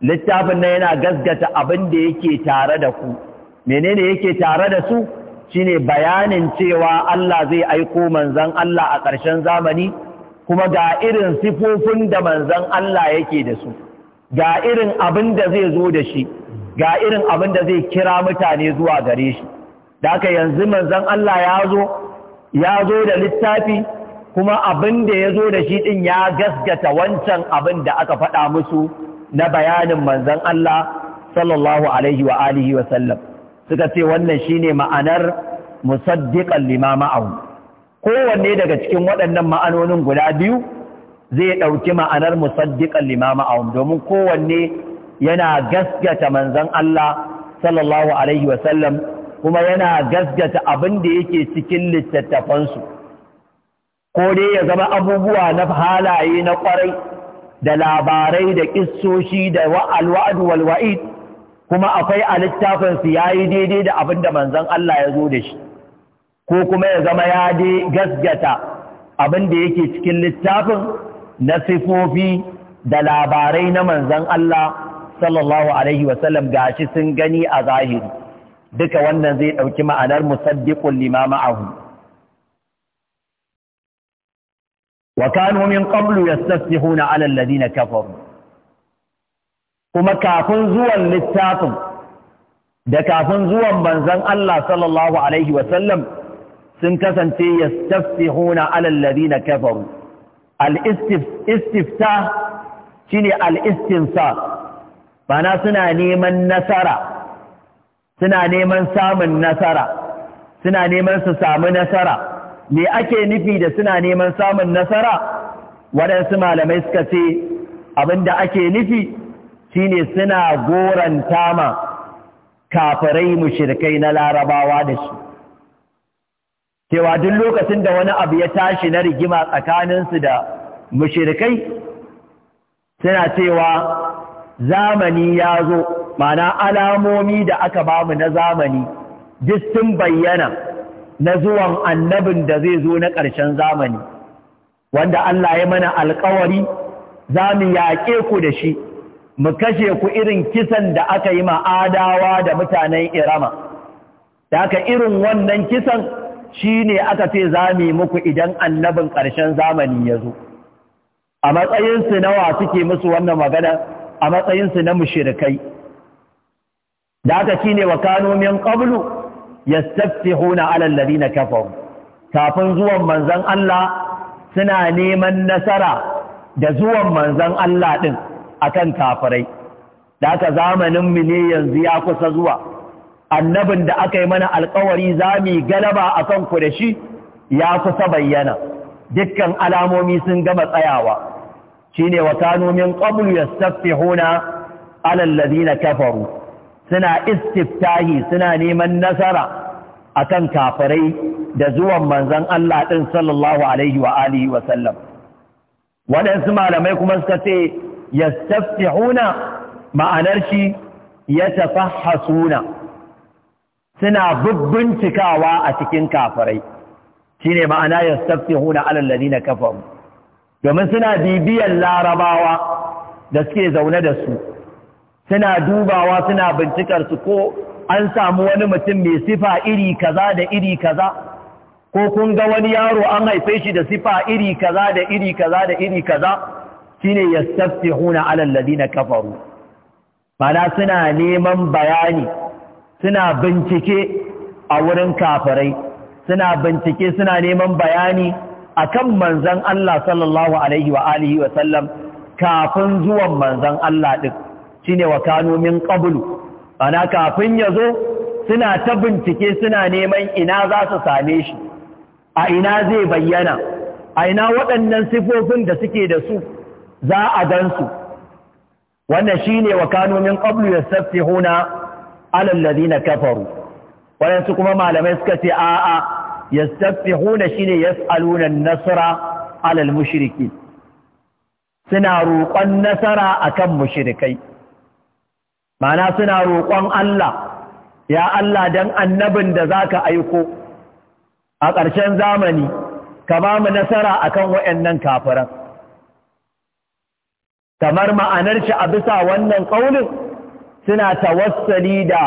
littafin nan yana gasgata abin da yake tare da ku menene yake tare da su shine bayanin cewa Allah zai aiko manzan Allah a ƙarshen zamani kuma ga irin sifofin da manzan Allah yake da su ga irin abin da zai zo da shi ga irin abin da zai kira mutane zuwa gare shi da aka yanzu manzon Allah ya zo ya zo da littafi kuma abin da ya zo da shi din ya gasgata wancan abin da aka faɗa musu na bayanin manzan Allah sallallahu alaihi wa alihi wa sallam suka ce wannan shine ma'anar musaddiƙan lima ma'ahu kowanne daga cikin waɗannan ma'anonin guda biyu zai ɗauki ma'anar musaddiqan lima ma'ahu domin kowanne yana gaskata manzon Allah sallallahu alaihi wasallam kuma yana gaskata abin da yake cikin littattafansu ko dai ya zama abubuwa na halaye na kwarai da labarai da kissoshi da alwa'adu walwa'id kuma akwai a littafinsu ya yi daidai da abin da Allah ya zo da shi ko kuma ya zama ya gaskata abin da yake cikin littafin na sifofi da labarai na manzon Allah sallallahu alaihi wasallam gashi sun gani a zahiri duka wannan zai ɗauki ma'anar musaddiqun lima ma'ahu wa kanu min qablu yastafihuna 'ala alladhina kafaru kuma kafin zuwan littafin da kafin zuwan manzon Allah sallallahu alaihi wasallam sun kasance yastafihuna 'ala alladhina kafaru al-istifta shine al-istinsar bana suna neman nasara suna neman samun nasara suna neman su samu nasara me ake nufi da suna neman samun nasara waɗansu malamai suka ce abin da ake nufi shine suna goron tama kafirai shirkai na larabawa da shi cewa duk lokacin da wani abu ya tashi na rigima tsakaninsu da mushirikai suna cewa zamani ya zo mana alamomi da aka bamu na zamani duk sun bayyana na zuwan annabin da zai zo na ƙarshen zamani wanda Allah ya mana alƙawari za mu yaƙe ku da shi mu kashe ku irin kisan da aka yi ma'adawa da mutanen irama da aka irin wannan kisan shi ne aka ce za mu yi muku idan annabin ƙarshen zamani ya zo a matsayinsu nawa suke musu wannan magana a matsayinsu na mushirikai da aka shi ne wa kano ƙablu ya stafi huna alallari na kafin kafin zuwan manzan Allah suna neman nasara da zuwan manzan Allah ɗin akan kan kafirai da aka zamaninmu ne yanzu ya kusa zuwa annabin da aka yi mana alkawari za mu galaba a kan ku da shi ya kusa bayyana dukkan alamomi sun gama tsayawa shine wa kanu min qablu yastafihuna ala alladhina kafaru suna istiftahi suna neman nasara akan kafirai da zuwan manzon Allah din sallallahu alaihi wa alihi wa sallam wadansu malamai kuma suka ce yastafihuna ma'anar shi yatafahasuna suna bubbincikawa a cikin kafirai shine ma'ana yastafihuna ala alladhina kafaru domin suna bibiyar larabawa da suke zaune da su suna dubawa suna bincikar su ko an samu wani mutum mai sifa iri kaza da iri kaza ko kun ga wani yaro an haife shi da sifa iri kaza da iri kaza da iri kaza shine huna alal ladina kafaru mana suna neman bayani suna bincike a wurin kafirai suna bincike suna neman bayani a kan manzan Allah sallallahu alaihi wa alihi wa sallam kafin zuwan manzan Allah ɗin shine wa kanu min ana kafin yazo suna ta bincike suna neman ina za su same shi a ina zai bayyana a ina waɗannan sifofin da suke da su za a gan su. wannan shine wa ƙablu ya qablu huna, alallazi na kafaru Wadansu kuma malamai suka ce a'a yastafihuna shine yas'aluna an-nasra 'ala al suna roƙon nasara akan mushrikai mana suna roƙon Allah ya Allah dan annabin da zaka aiko a ƙarshen zamani ka mu nasara akan waɗannan kafiran kamar ma'anar shi a bisa wannan ƙaunin suna tawassali da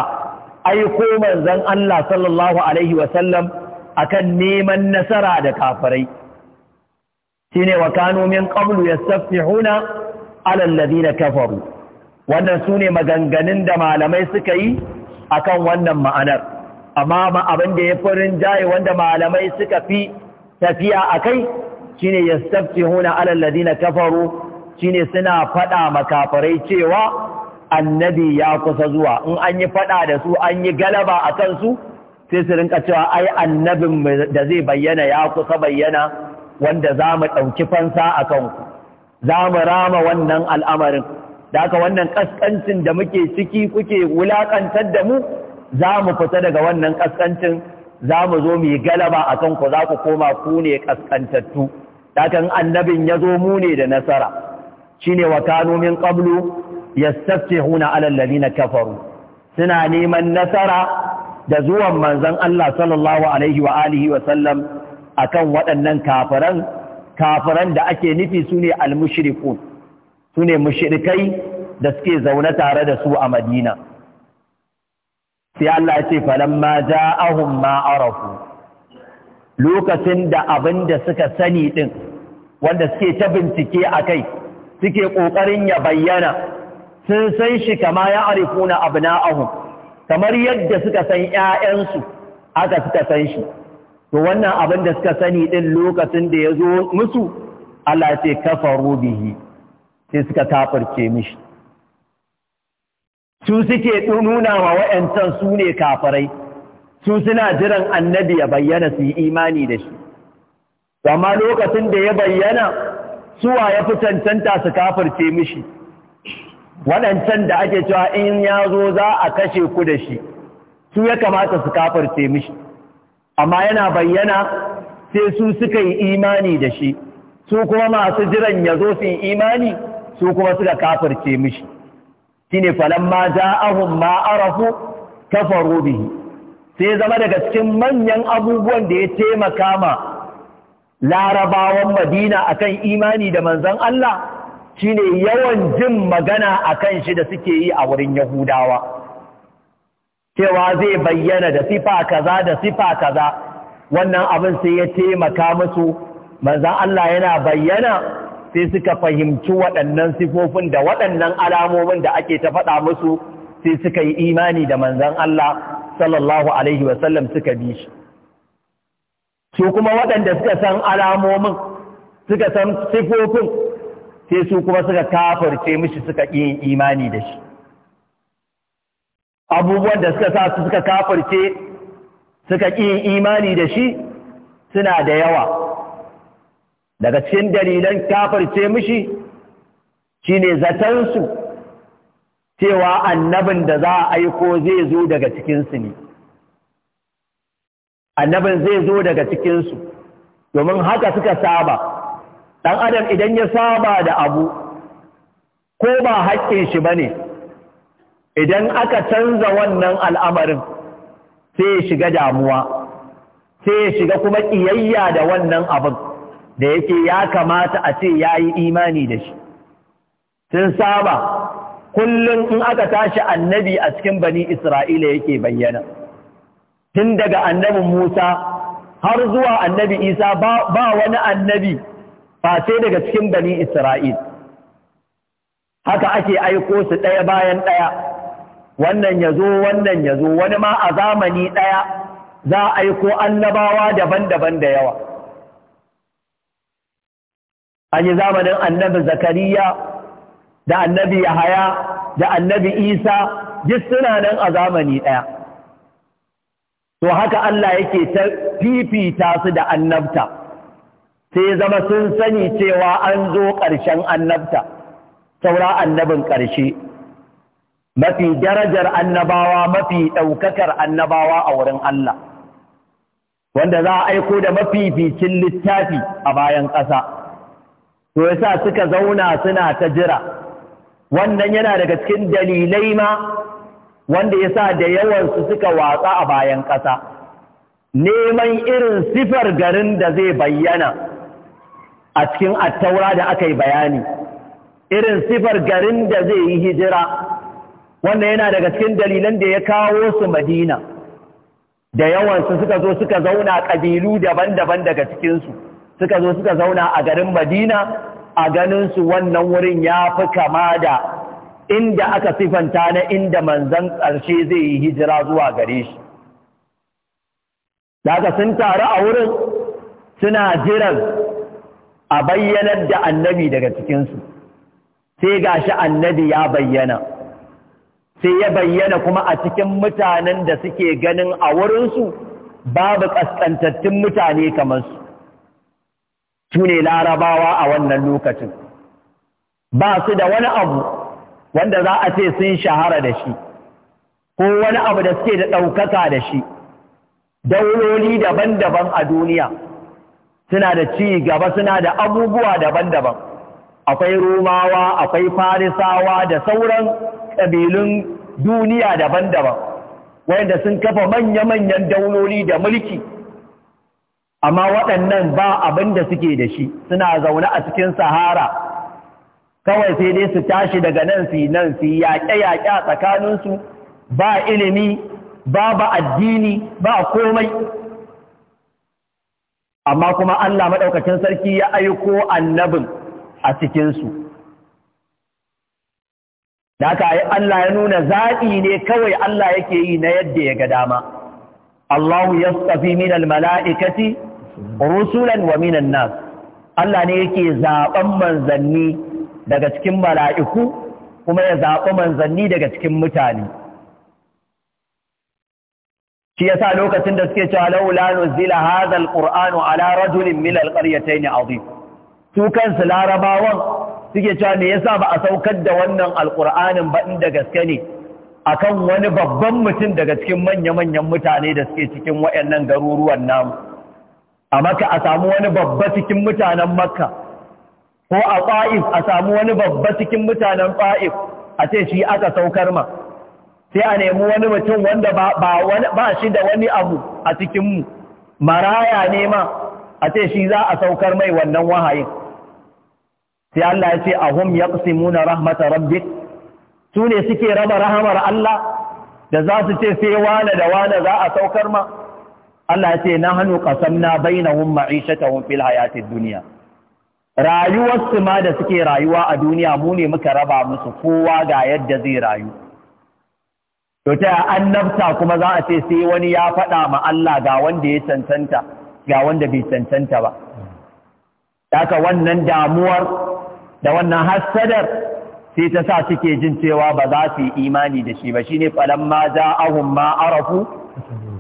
aiko manzon Allah sallallahu alaihi wasallam akan neman nasara da kafirai ne wa kanu ya qablu huna ala na kafaru wannan ne maganganun da malamai suka yi akan wannan ma'anar amma abin da ya furin jaye wanda malamai suka fi tafiya akai shine yastafihuna ala alladhina kafaru shine suna faɗa makafirai cewa annabi ya kusa zuwa in an yi fada da su an yi galaba akan su sai su rinka cewa ai annabin da zai bayyana ya kusa bayyana wanda za mu ɗauki fansa a kanku za mu rama wannan al'amarin da aka wannan ƙasƙancin da muke ciki kuke wulaƙantar da mu za mu fita daga wannan ƙasƙancin za mu zo mu yi galaba a kanku za ku koma ku ne ƙasƙantattu da haka annabin ya zo mu ne da nasara shine wa kanu min qablu yastafihuna alal ladina kafaru suna neman nasara da zuwan manzan Allah sallallahu alaihi wa alihi wa sallam akan waɗannan kafiran kafiran da ake nufi su ne al almushrikun su ne mushrikai da suke zaune tare da su a Madina sai Allah ya ce falamma ja'ahum ma arafu lokacin da abin da suka sani din wanda suke ta bincike a kai, suke ƙoƙarin ya bayyana sun san shi kama ya arifuna abna'ahum kamar yadda suka san ‘ya'yansu haka suka san shi to wannan abin da suka sani ɗin lokacin da ya zo musu Allah ce kafaru bihi sai suka kafirce mishi su suke nuna wa wa'yancan su ne kafirai su suna jiran annabi ya bayyana su yi imani da shi amma lokacin da ya bayyana suwa ya fi cancanta su kafirce mishi waɗancan da ake cewa in ya zo za a kashe ku da shi su ya kamata su kafarce mishi amma yana bayyana sai su suka yi imani da shi su kuma masu jiran ya zo su yi imani su kuma suka kafarce mishi shi ne falamma hun ma arafu faru bihi sai zama daga cikin manyan abubuwan da ya taimaka ma larabawan madina akan imani da manzon Allah Shi ne yawan jin magana a kan shi da suke yi a wurin Yahudawa cewa zai bayyana da sifa kaza da sifa kaza wannan abin sai ya taimaka musu manzan Allah yana bayyana sai suka fahimci waɗannan sifofin da waɗannan alamomin da ake ta faɗa musu sai suka yi imani da manzan Allah sallallahu alaihi wasallam suka bi shi su kuma waɗanda suka san alamomin suka san sifofin sai su kuma suka kafarce mishi suka yin imani da shi abubuwan da suka sa su suka kafarce suka yin imani da shi suna da yawa daga cikin dalilan kafarce mishi shine su cewa annabin da za a aiko zai zo daga cikinsu ne annabin zai zo daga cikinsu domin haka suka saba ɗan adam idan ya saba da abu ko ba haƙƙin shi ba ne idan aka canza wannan al'amarin sai ya shiga damuwa sai ya shiga kuma ƙiyayya da wannan abin da yake ya kamata a ce ya yi imani da shi sun saba kullum in aka tashi annabi a cikin bani isra'ila yake bayyana tun daga annabin musa har zuwa annabi isa ba wani annabi face daga cikin bani Isra'il. Haka ake aiko su ɗaya bayan ɗaya, wannan ya zo, wannan ya zo, wani ma a zamani ɗaya za a aiko annabawa daban-daban da yawa. An yi zamanin annabi Zakariya, da annabi Yahaya, da annabi Isa, duk suna nan a zamani ɗaya. To haka Allah yake ta fifita su da annabta. sai zama sun sani cewa an zo ƙarshen annabta saura annabin ƙarshe mafi darajar annabawa mafi ɗaukakar annabawa a wurin Allah wanda za a aiko da mafificin littafi a bayan ƙasa to yasa suka zauna suna ta jira wannan yana daga cikin dalilai ma wanda yasa da yawansu suka watsa a bayan ƙasa neman irin sifar garin da zai bayyana a cikin attaura da aka yi bayani irin sifar garin da zai yi hijira wanda yana daga cikin dalilan da ya kawo su madina da yawansu suka zo suka zauna ƙabilu daban-daban daga cikinsu suka zo suka zauna a garin madina a ganinsu wannan wurin ya fi kama da inda aka sifanta na inda manzan ƙarshe zai yi hijira zuwa gare shi daga sun taru a wurin suna jiran a bayyanar da annabi daga cikinsu sai ga shi annabi ya bayyana sai ya bayyana kuma a cikin mutanen da suke ganin a wurinsu babu ƙasƙantattun mutane kamar su su ne larabawa a wannan lokacin ba su da wani abu wanda za a ce sun shahara da shi ko wani abu da suke da ɗaukaka da shi dauloli daban-daban a duniya suna da ci gaba suna da abubuwa daban-daban akwai rumawa akwai farisawa da sauran ƙabilun duniya daban-daban wanda sun kafa manya-manyan dauloli da mulki amma waɗannan ba abin da suke da shi suna zaune a cikin sahara kawai sai dai su tashi daga nan su nan su yaƙe-yaƙe a tsakaninsu ba ilimi ba ba addini ba komai amma kuma Allah maɗaukacin sarki ya aiko annabin a cikinsu da aka Allah ya nuna zaɓi ne kawai Allah yake yi na yadda ya ga dama Allahu ya tsafi minal mala'ikati rusulan wa minan nas Allah ne yake zaɓen manzanni daga cikin mala'iku kuma ya zaɓi manzanni daga cikin mutane shi yasa lokacin da suke cewa la nuzila hadha alqur'anu ala rajulin min alqaryatayn azim su kansu larabawan suke cewa me yasa ba a saukar da wannan alqur'anin ba inda gaske ne akan wani babban mutum daga cikin manya-manyan mutane da suke cikin wayannan garuruwan namu a maka a samu wani babba cikin mutanen makka ko a ƙa'if a samu wani babba cikin mutanen ƙa'if a ce shi aka saukar ma sai a nemi wani mutum wanda ba shi da wani abu a cikinmu maraya ne ma a ce shi za a saukar mai wannan wahayin sai Allah ya ce ahum yaqsimuna rahmata rabbik su ne suke raba rahamar Allah da za su ce sai wane da wane za a saukar ma Allah ya ce nahnu qasamna bainahum ma'ishatahum fil hayatid duniya. rayuwarsu ma da suke rayuwa a duniya mu ne muka raba musu kowa ga yadda zai rayu to ta annabta kuma za a ce sai wani ya faɗa ma Allah ga wanda ya cancanta ga wanda bai cancanta ba haka wannan damuwar da wannan hassadar sai ta sa suke jin cewa ba za su yi imani da shi ba shine falamma ja'ahum ma arafu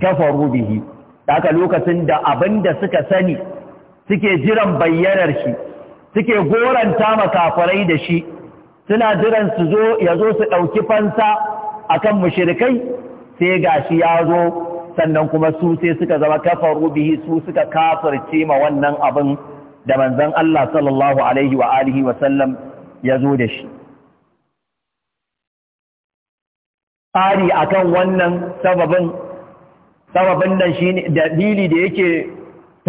faru bihi haka lokacin da abin da suka sani suke jiran bayyanar shi suke goranta makafarai da shi suna jiran su zo ya zo su ɗauki fansa akan mushrikai sai gashi ya zo sannan kuma su sai suka zama kafaru bihi su suka kafirce ma wannan abin da manzon Allah sallallahu alaihi wa alihi wa sallam ya zo da shi ari akan wannan sababin sababin nan shine dalili da yake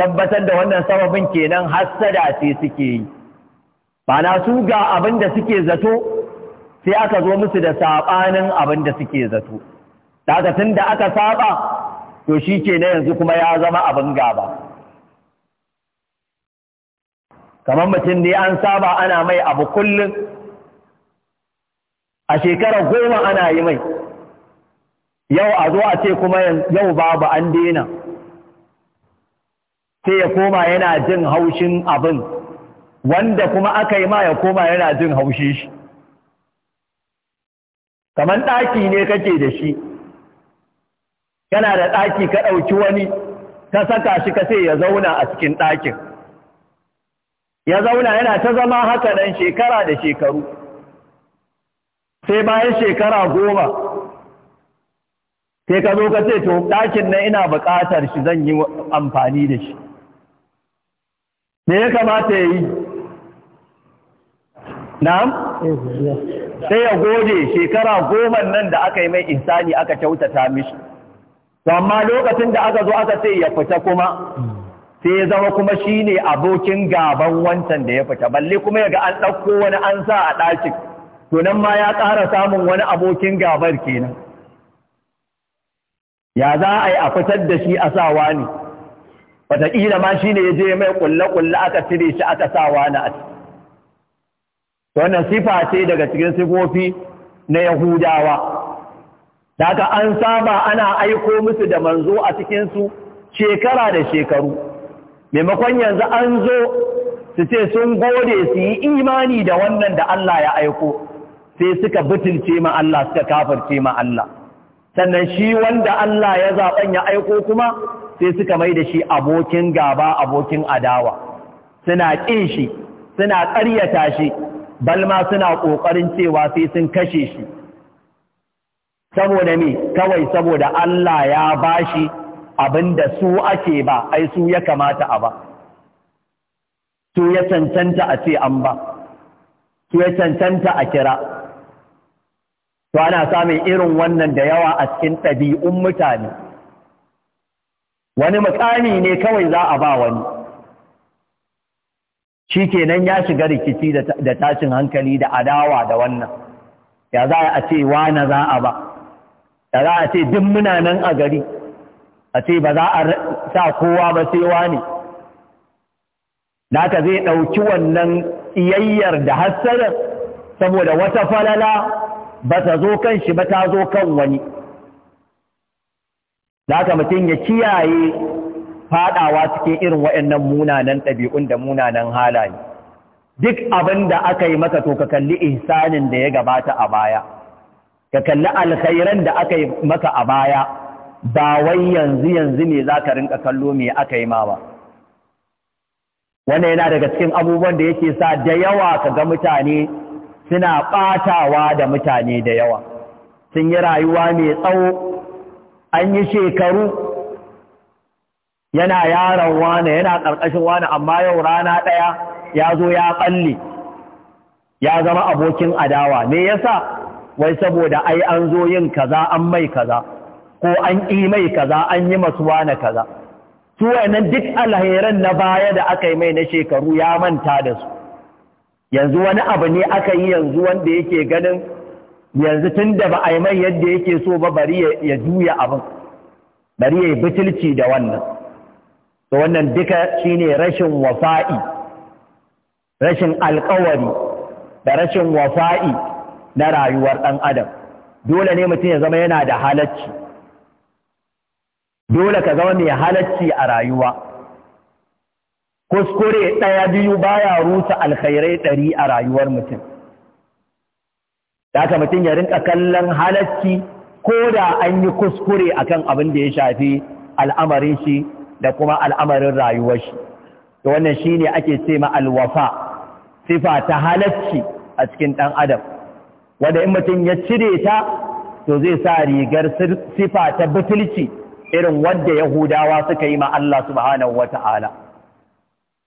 tabbatar da wannan sababin kenan hassada sai suke yi ba na su ga abin da suke zato sai aka zo musu da saɓanin abin da suke zato daga tun da aka saba to shi ke na yanzu kuma ya zama abin gaba kamar mutum ne an saba ana mai abu kullum a shekara goma ana yi mai yau a zo a ce kuma yau babu an daina sai ya koma yana jin haushin abin wanda kuma aka yi ma ya koma yana jin haushi shi kamar ɗaki ne kake da shi yana da ɗaki ka ɗauki wani ka saka shi ka sai ya zauna a cikin ɗakin ya zauna yana ta zama haka nan shekara da shekaru sai bayan shekara goma sai ka zo ka ce to ɗakin nan ina buƙatar shi zan yi amfani da shi me ya kamata ya yi na'am eh, sai ya gode shekara goma nan da aka yi mai insani aka kyautata mishi amma lokacin da aka zo aka ce ya fita kuma sai ya zama kuma shi ne abokin gaban wancan da ya fita balle kuma ya ga an ɗauko wani an sa a ɗakin to ma ya ƙara samun wani abokin gabar kenan ya za a yi a fitar da shi a sawa ne wataƙila ma shi ne ya je mai ƙulle-ƙulle aka cire shi aka sawa na a ciki wannan sifa ce daga cikin sifofi na yahudawa daga an saba ana aiko musu da manzo a cikinsu shekara da shekaru maimakon yanzu an zo su ce sun gode su yi imani da wannan da Allah ya aiko sai suka butulce ma Allah suka kafirce ma Allah sannan shi wanda Allah ya zaɓen ya aiko kuma sai suka mai da shi abokin gaba abokin adawa suna ƙin shi suna ƙaryata shi balma suna ƙoƙarin cewa sai sun kashe shi saboda me kawai saboda Allah ya bashi abinda su ake ba ai su ya kamata a ba su ya cancanta a ce an ba su ya cancanta a kira to ana samun irin wannan da yawa a cikin ɗabi'un mutane wani mukami ne kawai za a ba wani shi kenan ya shiga rikici da tashin hankali da adawa da wannan ya za a ce wane za a ba ya za a ce duk muna nan a gari a ce ba za a sa kowa ba sai wane naka zai ɗauki wannan iyayyar da hassarar saboda wata falala ba ta zo kan shi ba ta zo kan wani ka mutum ya kiyaye fadawa cikin irin waɗannan munanan ɗabi'un da munanan halaye duk abin da aka yi maka to ka kalli ihsanin da ya gabata a baya ka kalli alkhairan da aka yi maka a baya ba wai yanzu yanzu ne za ka rinka kallo me aka yi ma ba wannan yana daga cikin abubuwan da yake sa da yawa ka ga mutane suna ɓatawa da mutane da yawa sun yi rayuwa mai tsawo an yi shekaru yana yaron wane yana ƙarƙashin wane amma yau rana ɗaya ya zo ya ɓalle ya zama abokin adawa me yasa wai saboda ai an zo yin kaza an mai kaza ko an ƙi mai kaza an yi masu wane kaza su wayannan duk alheran na baya da aka yi mai na shekaru ya manta da su yanzu wani abu ne aka yi yanzu wanda yake ganin yanzu tun da ba a yi mai yadda yake so ba bari ya juya abin bari ya yi bitilci da wannan to wannan duka shine rashin wafa'i rashin alƙawari, da rashin wafa'i na rayuwar ɗan adam dole ne mutum ya zama yana da halacci dole ka zama mai halacci a rayuwa kuskure ɗaya biyu baya rusa alkhairai ɗari a rayuwar mutum zaka mutum ya rinka kallon halacci ko da an yi kuskure akan abin da ya shafi al'amarin shi da kuma al'amarin rayuwar shi to wannan shine ake ce ma alwafa sifa ta halacci a cikin ɗan adam wanda in mutum ya cire ta to zai sa rigar sifa ta butulci irin wanda yahudawa suka yi ma Allah subhanahu wata'ala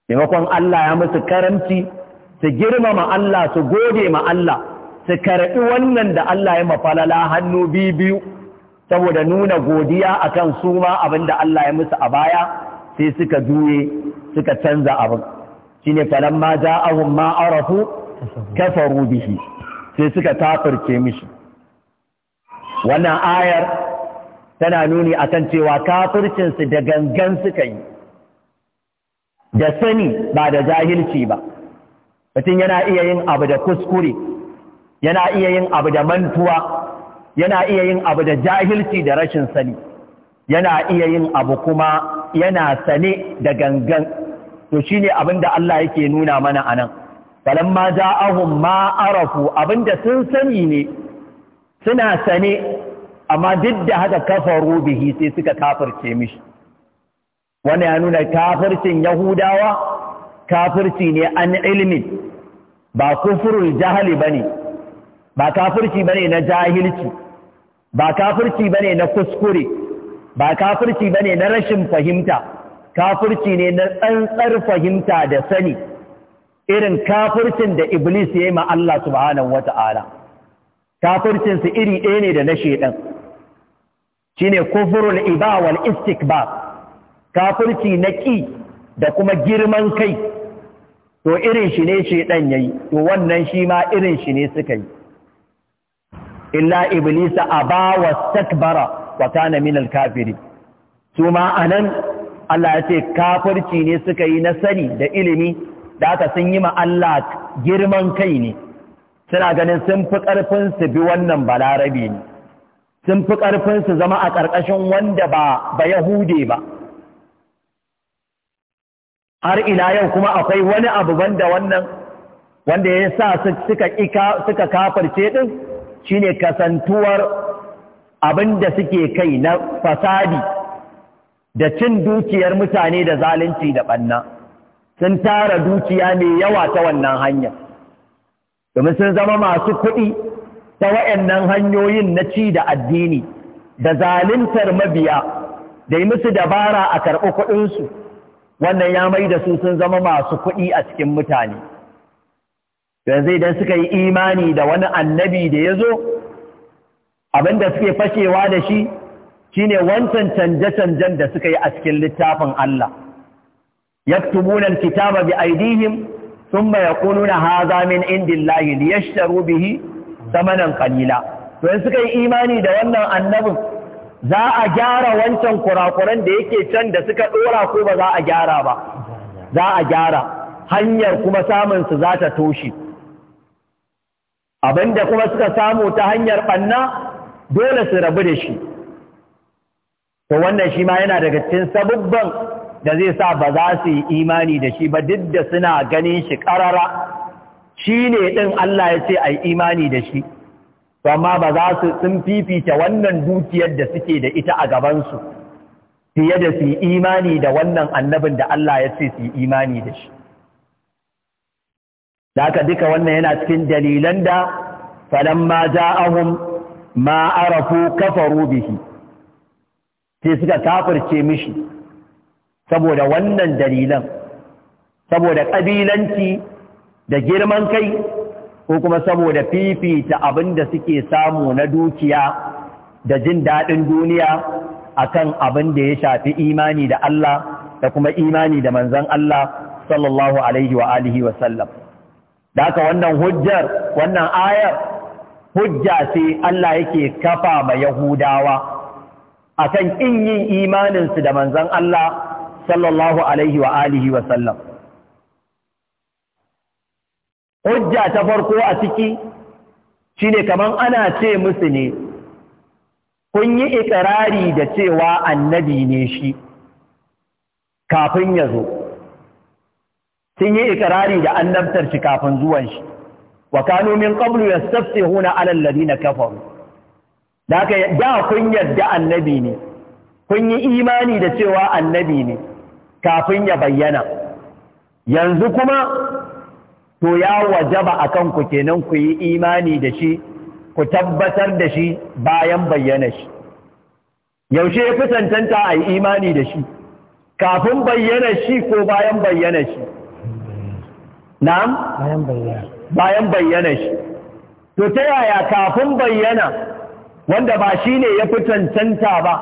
maimakon Allah ya musu karamci su girmama Allah su gode ma Allah su karɓi wannan da Allah ya mafalala hannu biyu biyu saboda nuna godiya akan su ma abin da Allah ya musu a baya sai suka juye suka canza abin Shi ne falon ma za a arafu kafaru bihi sai suka kafirce mishi wannan ayar tana nuni a kan cewa kafircinsu da gangan suka yi da sani ba da jahilci ba mutum yana iya yin abu da kuskure yana iya yin abu da mantuwa yana iya yin abu da jahilci da rashin sani yana iya yin abu kuma yana sane da gangan to shine abin da Allah yake nuna mana anan nan. ja'ahum ma arafu abinda sun sani ne suna sane amma duk da haka kafaru bihi sai suka kafirce mishi Wani ya nuna kafircin yahudawa kafirci ne an ilmin ba kufurul jahali bane ba kafirci bane na jahilci ba kafirci bane na kuskure ba kafirci bane na rashin fahimta kafirci ne na tsantsar fahimta da sani irin kafircin da iblis ya yi ma Allah subhanahu wata'ala kafircin su iri ɗaya ne da na shedan shine kufrul iba wal istikbar kafirci na ƙi da kuma girman kai to irin shi ne shedan yayi to wannan shi ma irin shi ne suka yi illa iblisa aba wastakbara wa kana min alkafiri kafiri. ma anan Allah ya ce kafirci ne suka yi na da ilimi da aka sun yi ma Allah girman kai ne suna ganin sun fi karfin su bi wannan balarabe ne sun fi karfin su zama a ƙarƙashin wanda ba ba yahude ba har ila yau kuma akwai wani abu banda wannan wanda ya sa suka kafirce din Shi ne kasantuwar abin da suke kai na fasadi da cin dukiyar mutane da zalunci da ɓanna sun tara dukiya mai yawa ta wannan hanyar domin sun zama masu kuɗi ta waɗannan hanyoyin na ci da addini da zaluntar mabiya da yi musu dabara a karɓi kuɗinsu wannan ya mai da su sun zama masu kuɗi a cikin mutane. yanzu idan suka yi imani da wani annabi da ya zo abinda suke fashewa da shi shine wancan canje-canjen da suka yi a cikin littafin Allah yaktubuna alkitaba bi aydihim thumma yaquluna hadha min indillahi liyashtaru bihi thamanan qalila to suka yi imani da wannan annabin za a gyara wancan kurakuran da yake can da suka dora ko ba za a gyara ba za a gyara hanyar kuma samun su za ta toshe Abin da kuma suka samu ta hanyar ɓanna dole su rabu da shi to wannan shi ma yana daga cikin sabubban da zai sa ba za su yi imani da shi ba duk da suna ganin shi ƙarara shi ne ɗin Allah ya ce a imani da shi to amma ba za su sun fifita wannan dukiyar da suke da ita a gabansu fiye da su yi imani da wannan annabin da Allah ya ce su yi imani da shi da duka wannan yana cikin dalilan da falamma ja'ahum ma ma'arafu kafaru bihi sai suka kafirce mishi saboda wannan dalilan saboda kabilanci da girman kai ko kuma saboda fifita abin da suke samu na dukiya da jin daɗin duniya akan abin da ya shafi imani da Allah da kuma imani da manzon Allah sallallahu alaihi wa'alihi wa sallam da haka wannan hujjar wannan ayar hujja sai Allah yake kafa ma Yahudawa akan in yin imaninsu da manzon Allah sallallahu alaihi wa alihi wa sallam hujja ta farko a ciki shine kaman ana ce musu ne kun yi ikirari da cewa annabi ne shi kafin ya zo sun yi ikirari da annabtar shi kafin zuwan shi wa kanu min qablu yastafsihuna ala alladhina kafaru da ka da kun yadda annabi ne kun yi imani da cewa annabi ne kafin ya bayyana yanzu kuma to ya wajaba akan ku kenan ku yi imani da shi ku tabbatar da shi bayan bayyana shi yaushe ya fi tantanta a yi imani da shi kafin bayyana shi ko bayan bayyana shi na'am bayan bayyana shi to ta yaya kafin bayyana wanda ba shi ne ya fi cancanta ba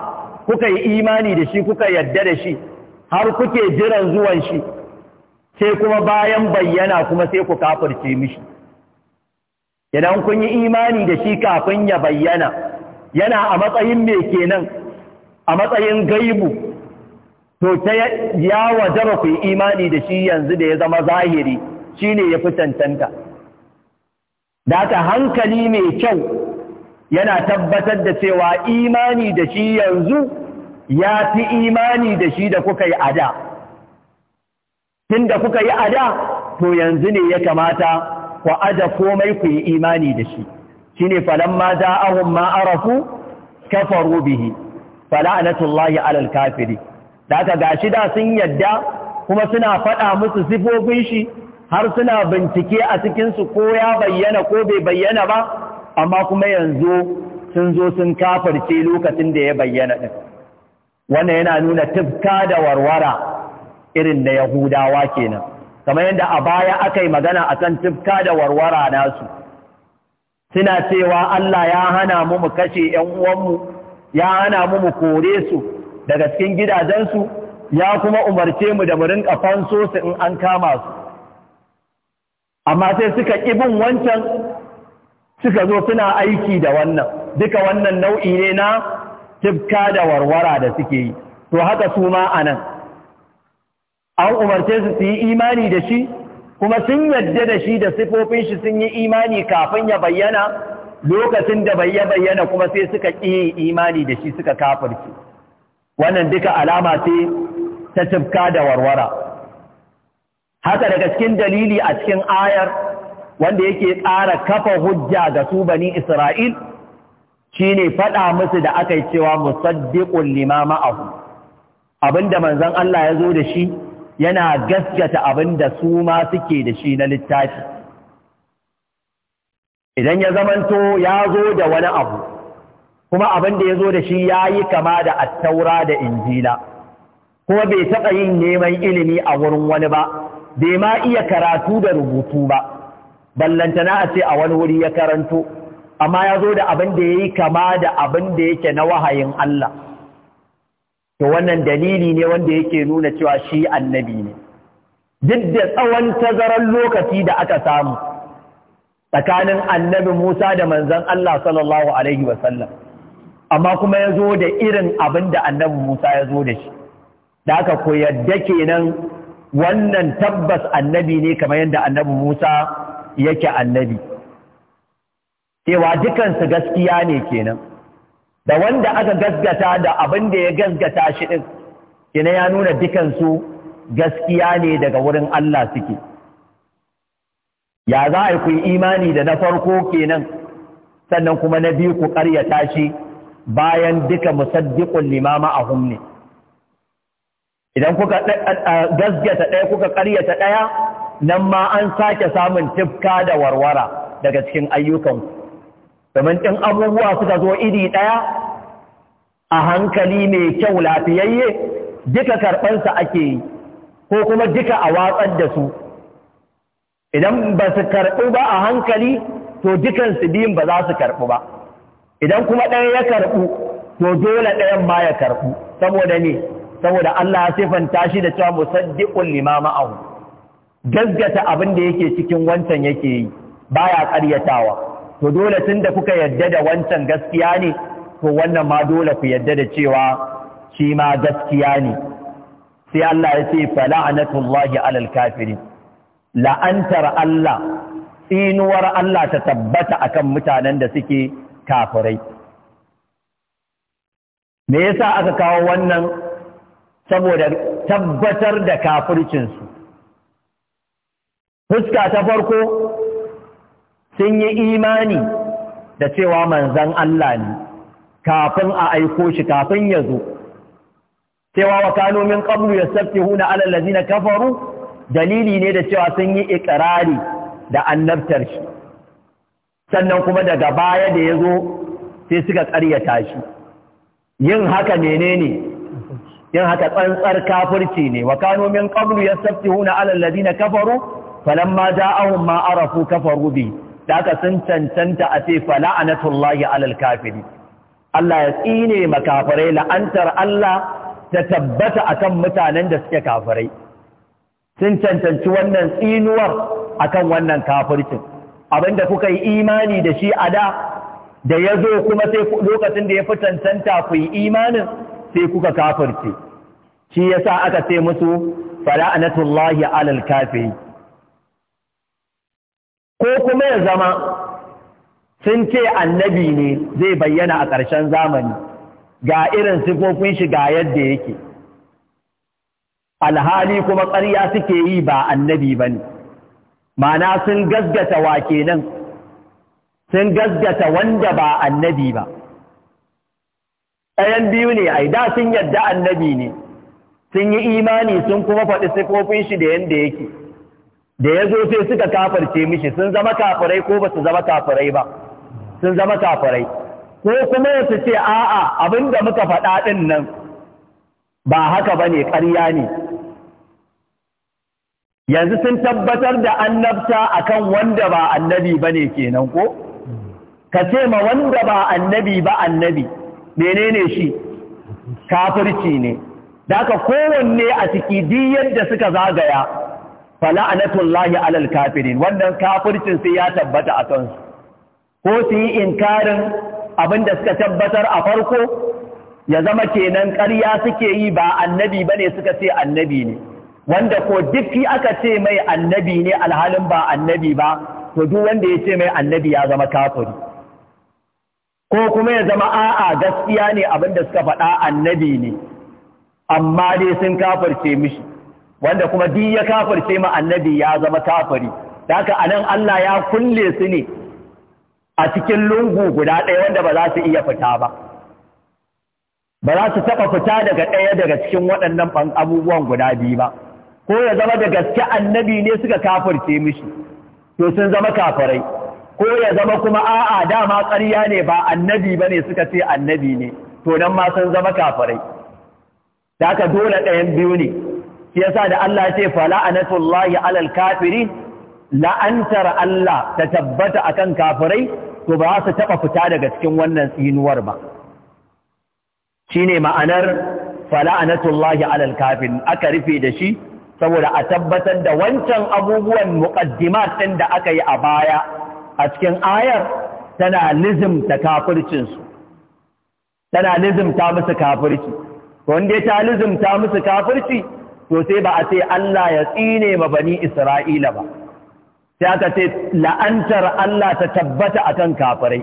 kuka yi imani da shi kuka yadda da shi har kuke jiran zuwan shi sai kuma bayan bayyana kuma sai ku kafirce mishi idan kun yi imani da shi kafin ya bayyana yana a matsayin mai kenan a matsayin gaibu to ta ya wajaba ku yi imani da shi yanzu da ya zama zahiri shi ne ya fi cancanta da ta hankali mai kyau yana tabbatar da cewa imani da shi yanzu ya fi imani da shi da kuka yi a da tun da kuka yi a da to yanzu ne ya kamata ku aja komai ku yi imani da shi shi ne falon ma za a za'ahun ma'arafu kafaru bihi fala'anatullahi alal kafiri da ga gashi da sun yadda kuma suna faɗa musu sifofin shi har suna bincike a cikinsu ko ya bayyana ko bai bayyana ba amma kuma yanzu sun zo sun kafarce lokacin da ya bayyana ɗin wannan yana nuna tifka da warwara irin da yahudawa kenan kamar yadda a baya aka yi magana a kan tifka da warwara nasu suna cewa Allah ya hana mu mu kashe ‘yan uwanmu ya hana mu mu kore su daga cikin gidajensu ya kuma umarce mu da mu rinka fansosu in an kama su amma sai suka bin wancan suka zo suna aiki da wannan duka wannan nau'i ne na tibka da warwara da suke yi to haka su ma a nan an umarce su su yi imani da shi kuma sun yadda da shi da sifofin shi sun yi imani kafin ya bayyana lokacin da bai bayyana kuma sai suka ƙi imani da shi suka kafirce wannan duka alama ce ta tifka da warwara haka daga cikin dalili a cikin ayar wanda yake ƙara kafa hujja ga su bani Isra'il shine faɗa musu da aka yi cewa musaddiƙun lima ma'ahu abinda manzon Allah ya zo da shi yana gaskata abinda su ma suke da shi na littafi idan ya zamanto ya zo da wani abu kuma abinda ya zo da shi ya yi kama da attaura da injila kuma bai taɓa yin neman ilimi a wurin wani ba bai ma iya karatu da rubutu ba ballantana a ce a wani wuri ya karanto amma ya zo da abin da ya yi kama da abin da yake na wahayin Allah to wannan dalili ne wanda yake nuna cewa shi annabi ne duk da tsawon tazarar lokaci da aka samu tsakanin annabi Musa da manzon Allah sallallahu alaihi wasallam amma kuma ya zo da irin abin da annabi Musa ya zo da shi da aka koyar da kenan wannan tabbas annabi ne kamar yadda annabi Musa yake annabi cewa dukansu gaskiya ne kenan da wanda aka gasgata da abin da ya gasgata shi din kina ya nuna dukansu gaskiya ne daga wurin Allah suke ya za a ku imani da na farko kenan sannan kuma na biyu ku ƙaryata shi bayan duka musaddiƙun limama a ne idan kuka ta ɗaya kuka ƙaryata ɗaya nan ma an sake samun tifka da warwara daga cikin ayyukanku domin ɗin abubuwa suka zo iri ɗaya a hankali mai kyau lafiyayye duka karɓansa ake yi ko kuma duka a watsar da su idan ba su karɓi ba a hankali to dukansu biyun ba za su karɓi ba idan kuma ɗaya ya karɓu to dole ɗayan ma ya karɓu saboda ne saboda Allah ya sifanta shi da cewa musaddiqul limama au gaskata abin da yake cikin wancan yake yi baya ƙaryatawa to dole tunda kuka yadda da wancan gaskiya ne to wannan ma dole ku yadda da cewa shi ma gaskiya ne sai Allah ya ce fala'anatullahi alal kafirin la'antar Allah tsinuwar Allah ta tabbata akan mutanen da suke kafirai me yasa aka kawo wannan saboda tabbatar da kafircinsu fuska ta farko sun yi imani da cewa manzan Allah ne kafin a aiko shi kafin ya zo cewa wa ƙabru ya qablu huna ala na kafaru dalili ne da cewa sun yi ikirari da annabtar shi sannan kuma daga baya da ya zo sai suka ƙaryata shi yin haka menene yin haka tsantsar kafirci ne wa kanu min qablu yastaftihuna ala alladhina kafaru falamma ja'ahum ma arafu kafaru bi da haka sun cancanta a ce fala'anatullahi ala alkafiri Allah ya tsine makafirai la'antar Allah ta tabbata akan mutanen da suke kafirai sun cancanci wannan tsinuwar akan wannan kafircin abinda kuka yi imani da shi a da da ya zo kuma sai lokacin da ya fi cancanta ku yi imanin sai kuka kafirce shi ya sa aka ce musu fala'anatullahi alal kafiri ko kuma ya zama sun ce annabi ne zai bayyana a ƙarshen zamani ga irin sifofin shi ga yadda yake alhali kuma ƙarya suke yi ba annabi ba ne mana sun gazgata wa kenan sun gazgata wanda ba annabi ba ɗayan biyu ne ai da sun yadda annabi ne sun yi imani sun kuma faɗi sifofin shi da yanda yake da ya zo sai suka kafarce mishi sun zama kafirai ko ba su zama kafirai ba sun zama kafirai ko kuma su ce a'a da muka faɗa ɗin nan ba haka ba ne ƙarya ne yanzu sun tabbatar da annabta kan wanda ba annabi ba ne kenan ko ka ce ma wanda ba annabi ba annabi menene shi kafirci ne da aka kowanne a ciki duk yadda suka zagaya fala'anatullahi lahi alal kafirin wannan kafircin sai ya tabbata a kansu ko su yi inkarin da suka tabbatar a farko ya zama kenan karya suke yi ba annabi bane suka ce annabi ne wanda ko duk aka ce mai annabi ne alhalin ba annabi ba to duk wanda ya ce mai annabi ya zama kafiri ko kuma ya zama a'a gaskiya ne abinda suka faɗa annabi ne amma dai sun kafarce mishi wanda kuma biyu ya kafarce ma annabi ya zama kafari da anan Allah ya kulle su ne a cikin lungu guda ɗaya wanda ba za su iya fita ba ba za su taɓa fita daga ɗaya daga cikin waɗannan abubuwan guda biyu ba ko ya zama da gaske annabi ne suka kafarce mishi to sun zama kafarai. ko ya zama kuma a'a dama ƙarya ne ba annabi ba ne suka ce annabi ne to nan ma sun zama kafarai. da aka dole ɗayan biyu ne shi yasa da Allah ce fala anatullahi alal kafiri la'antar Allah ta tabbata akan kafirai to ba su taba fita daga cikin wannan tsinuwar ba shine ma'anar fala anatullahi alal kafirin aka rufe da shi saboda a tabbatar da wancan abubuwan muqaddimat ɗin da aka yi a baya a cikin ayar tana lizimta kafircinsu tana ta musu kafirci wanda ya ta musu kafirci to sai ba a ce Allah ya tsine ma bani Isra'ila ba sai aka ce la'antar Allah ta tabbata akan kafirai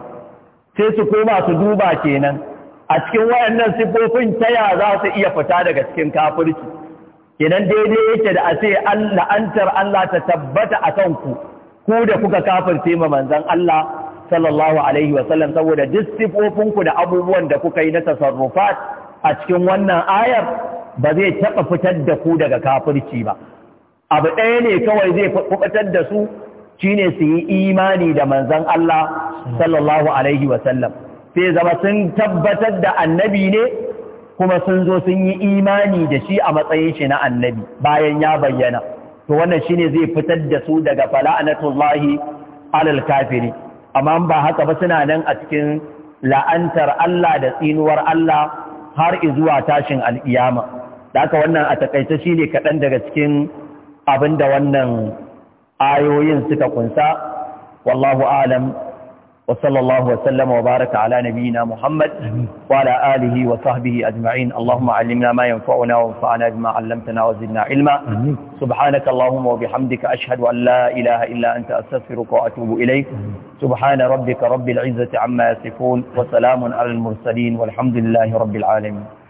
sai su koma su duba kenan a cikin wayannan sifofin ta ya za su iya fita daga cikin kafirci kenan daidai yake da a ce la'antar Allah ta tabbata akan ku ku da kuka kafirce ma manzon Allah sallallahu alaihi saboda duk sifofinku da abubuwan da kuka yi na tasarrufat a cikin wannan ayar ba zai taɓa fitar da ku daga kafirci ba abu ɗaya ne kawai zai fitar da su shine su yi imani da manzon Allah sallallahu alaihi wasallam sai zama sun tabbatar da annabi ne kuma sun zo sun yi imani da shi a matsayin shi na annabi bayan ya bayyana to wannan shine zai fitar da su daga fala'anatullahi alal kafiri amma ba haka ba suna nan a cikin la'antar Allah da tsinuwar Allah har zuwa tashin al'iyama da aka wannan a taƙaita shi ne kaɗan daga cikin abin da wannan ayoyin suka kunsa wallahu alam وصلى الله وسلم وبارك على نبينا محمد وعلى آله وصحبه أجمعين اللهم علمنا ما ينفعنا وانفعنا بما علمتنا وزدنا علما سبحانك اللهم وبحمدك أشهد أن لا إله إلا أنت أستغفرك وأتوب إليك سبحان ربك رب العزة عما يصفون وسلام على المرسلين والحمد لله رب العالمين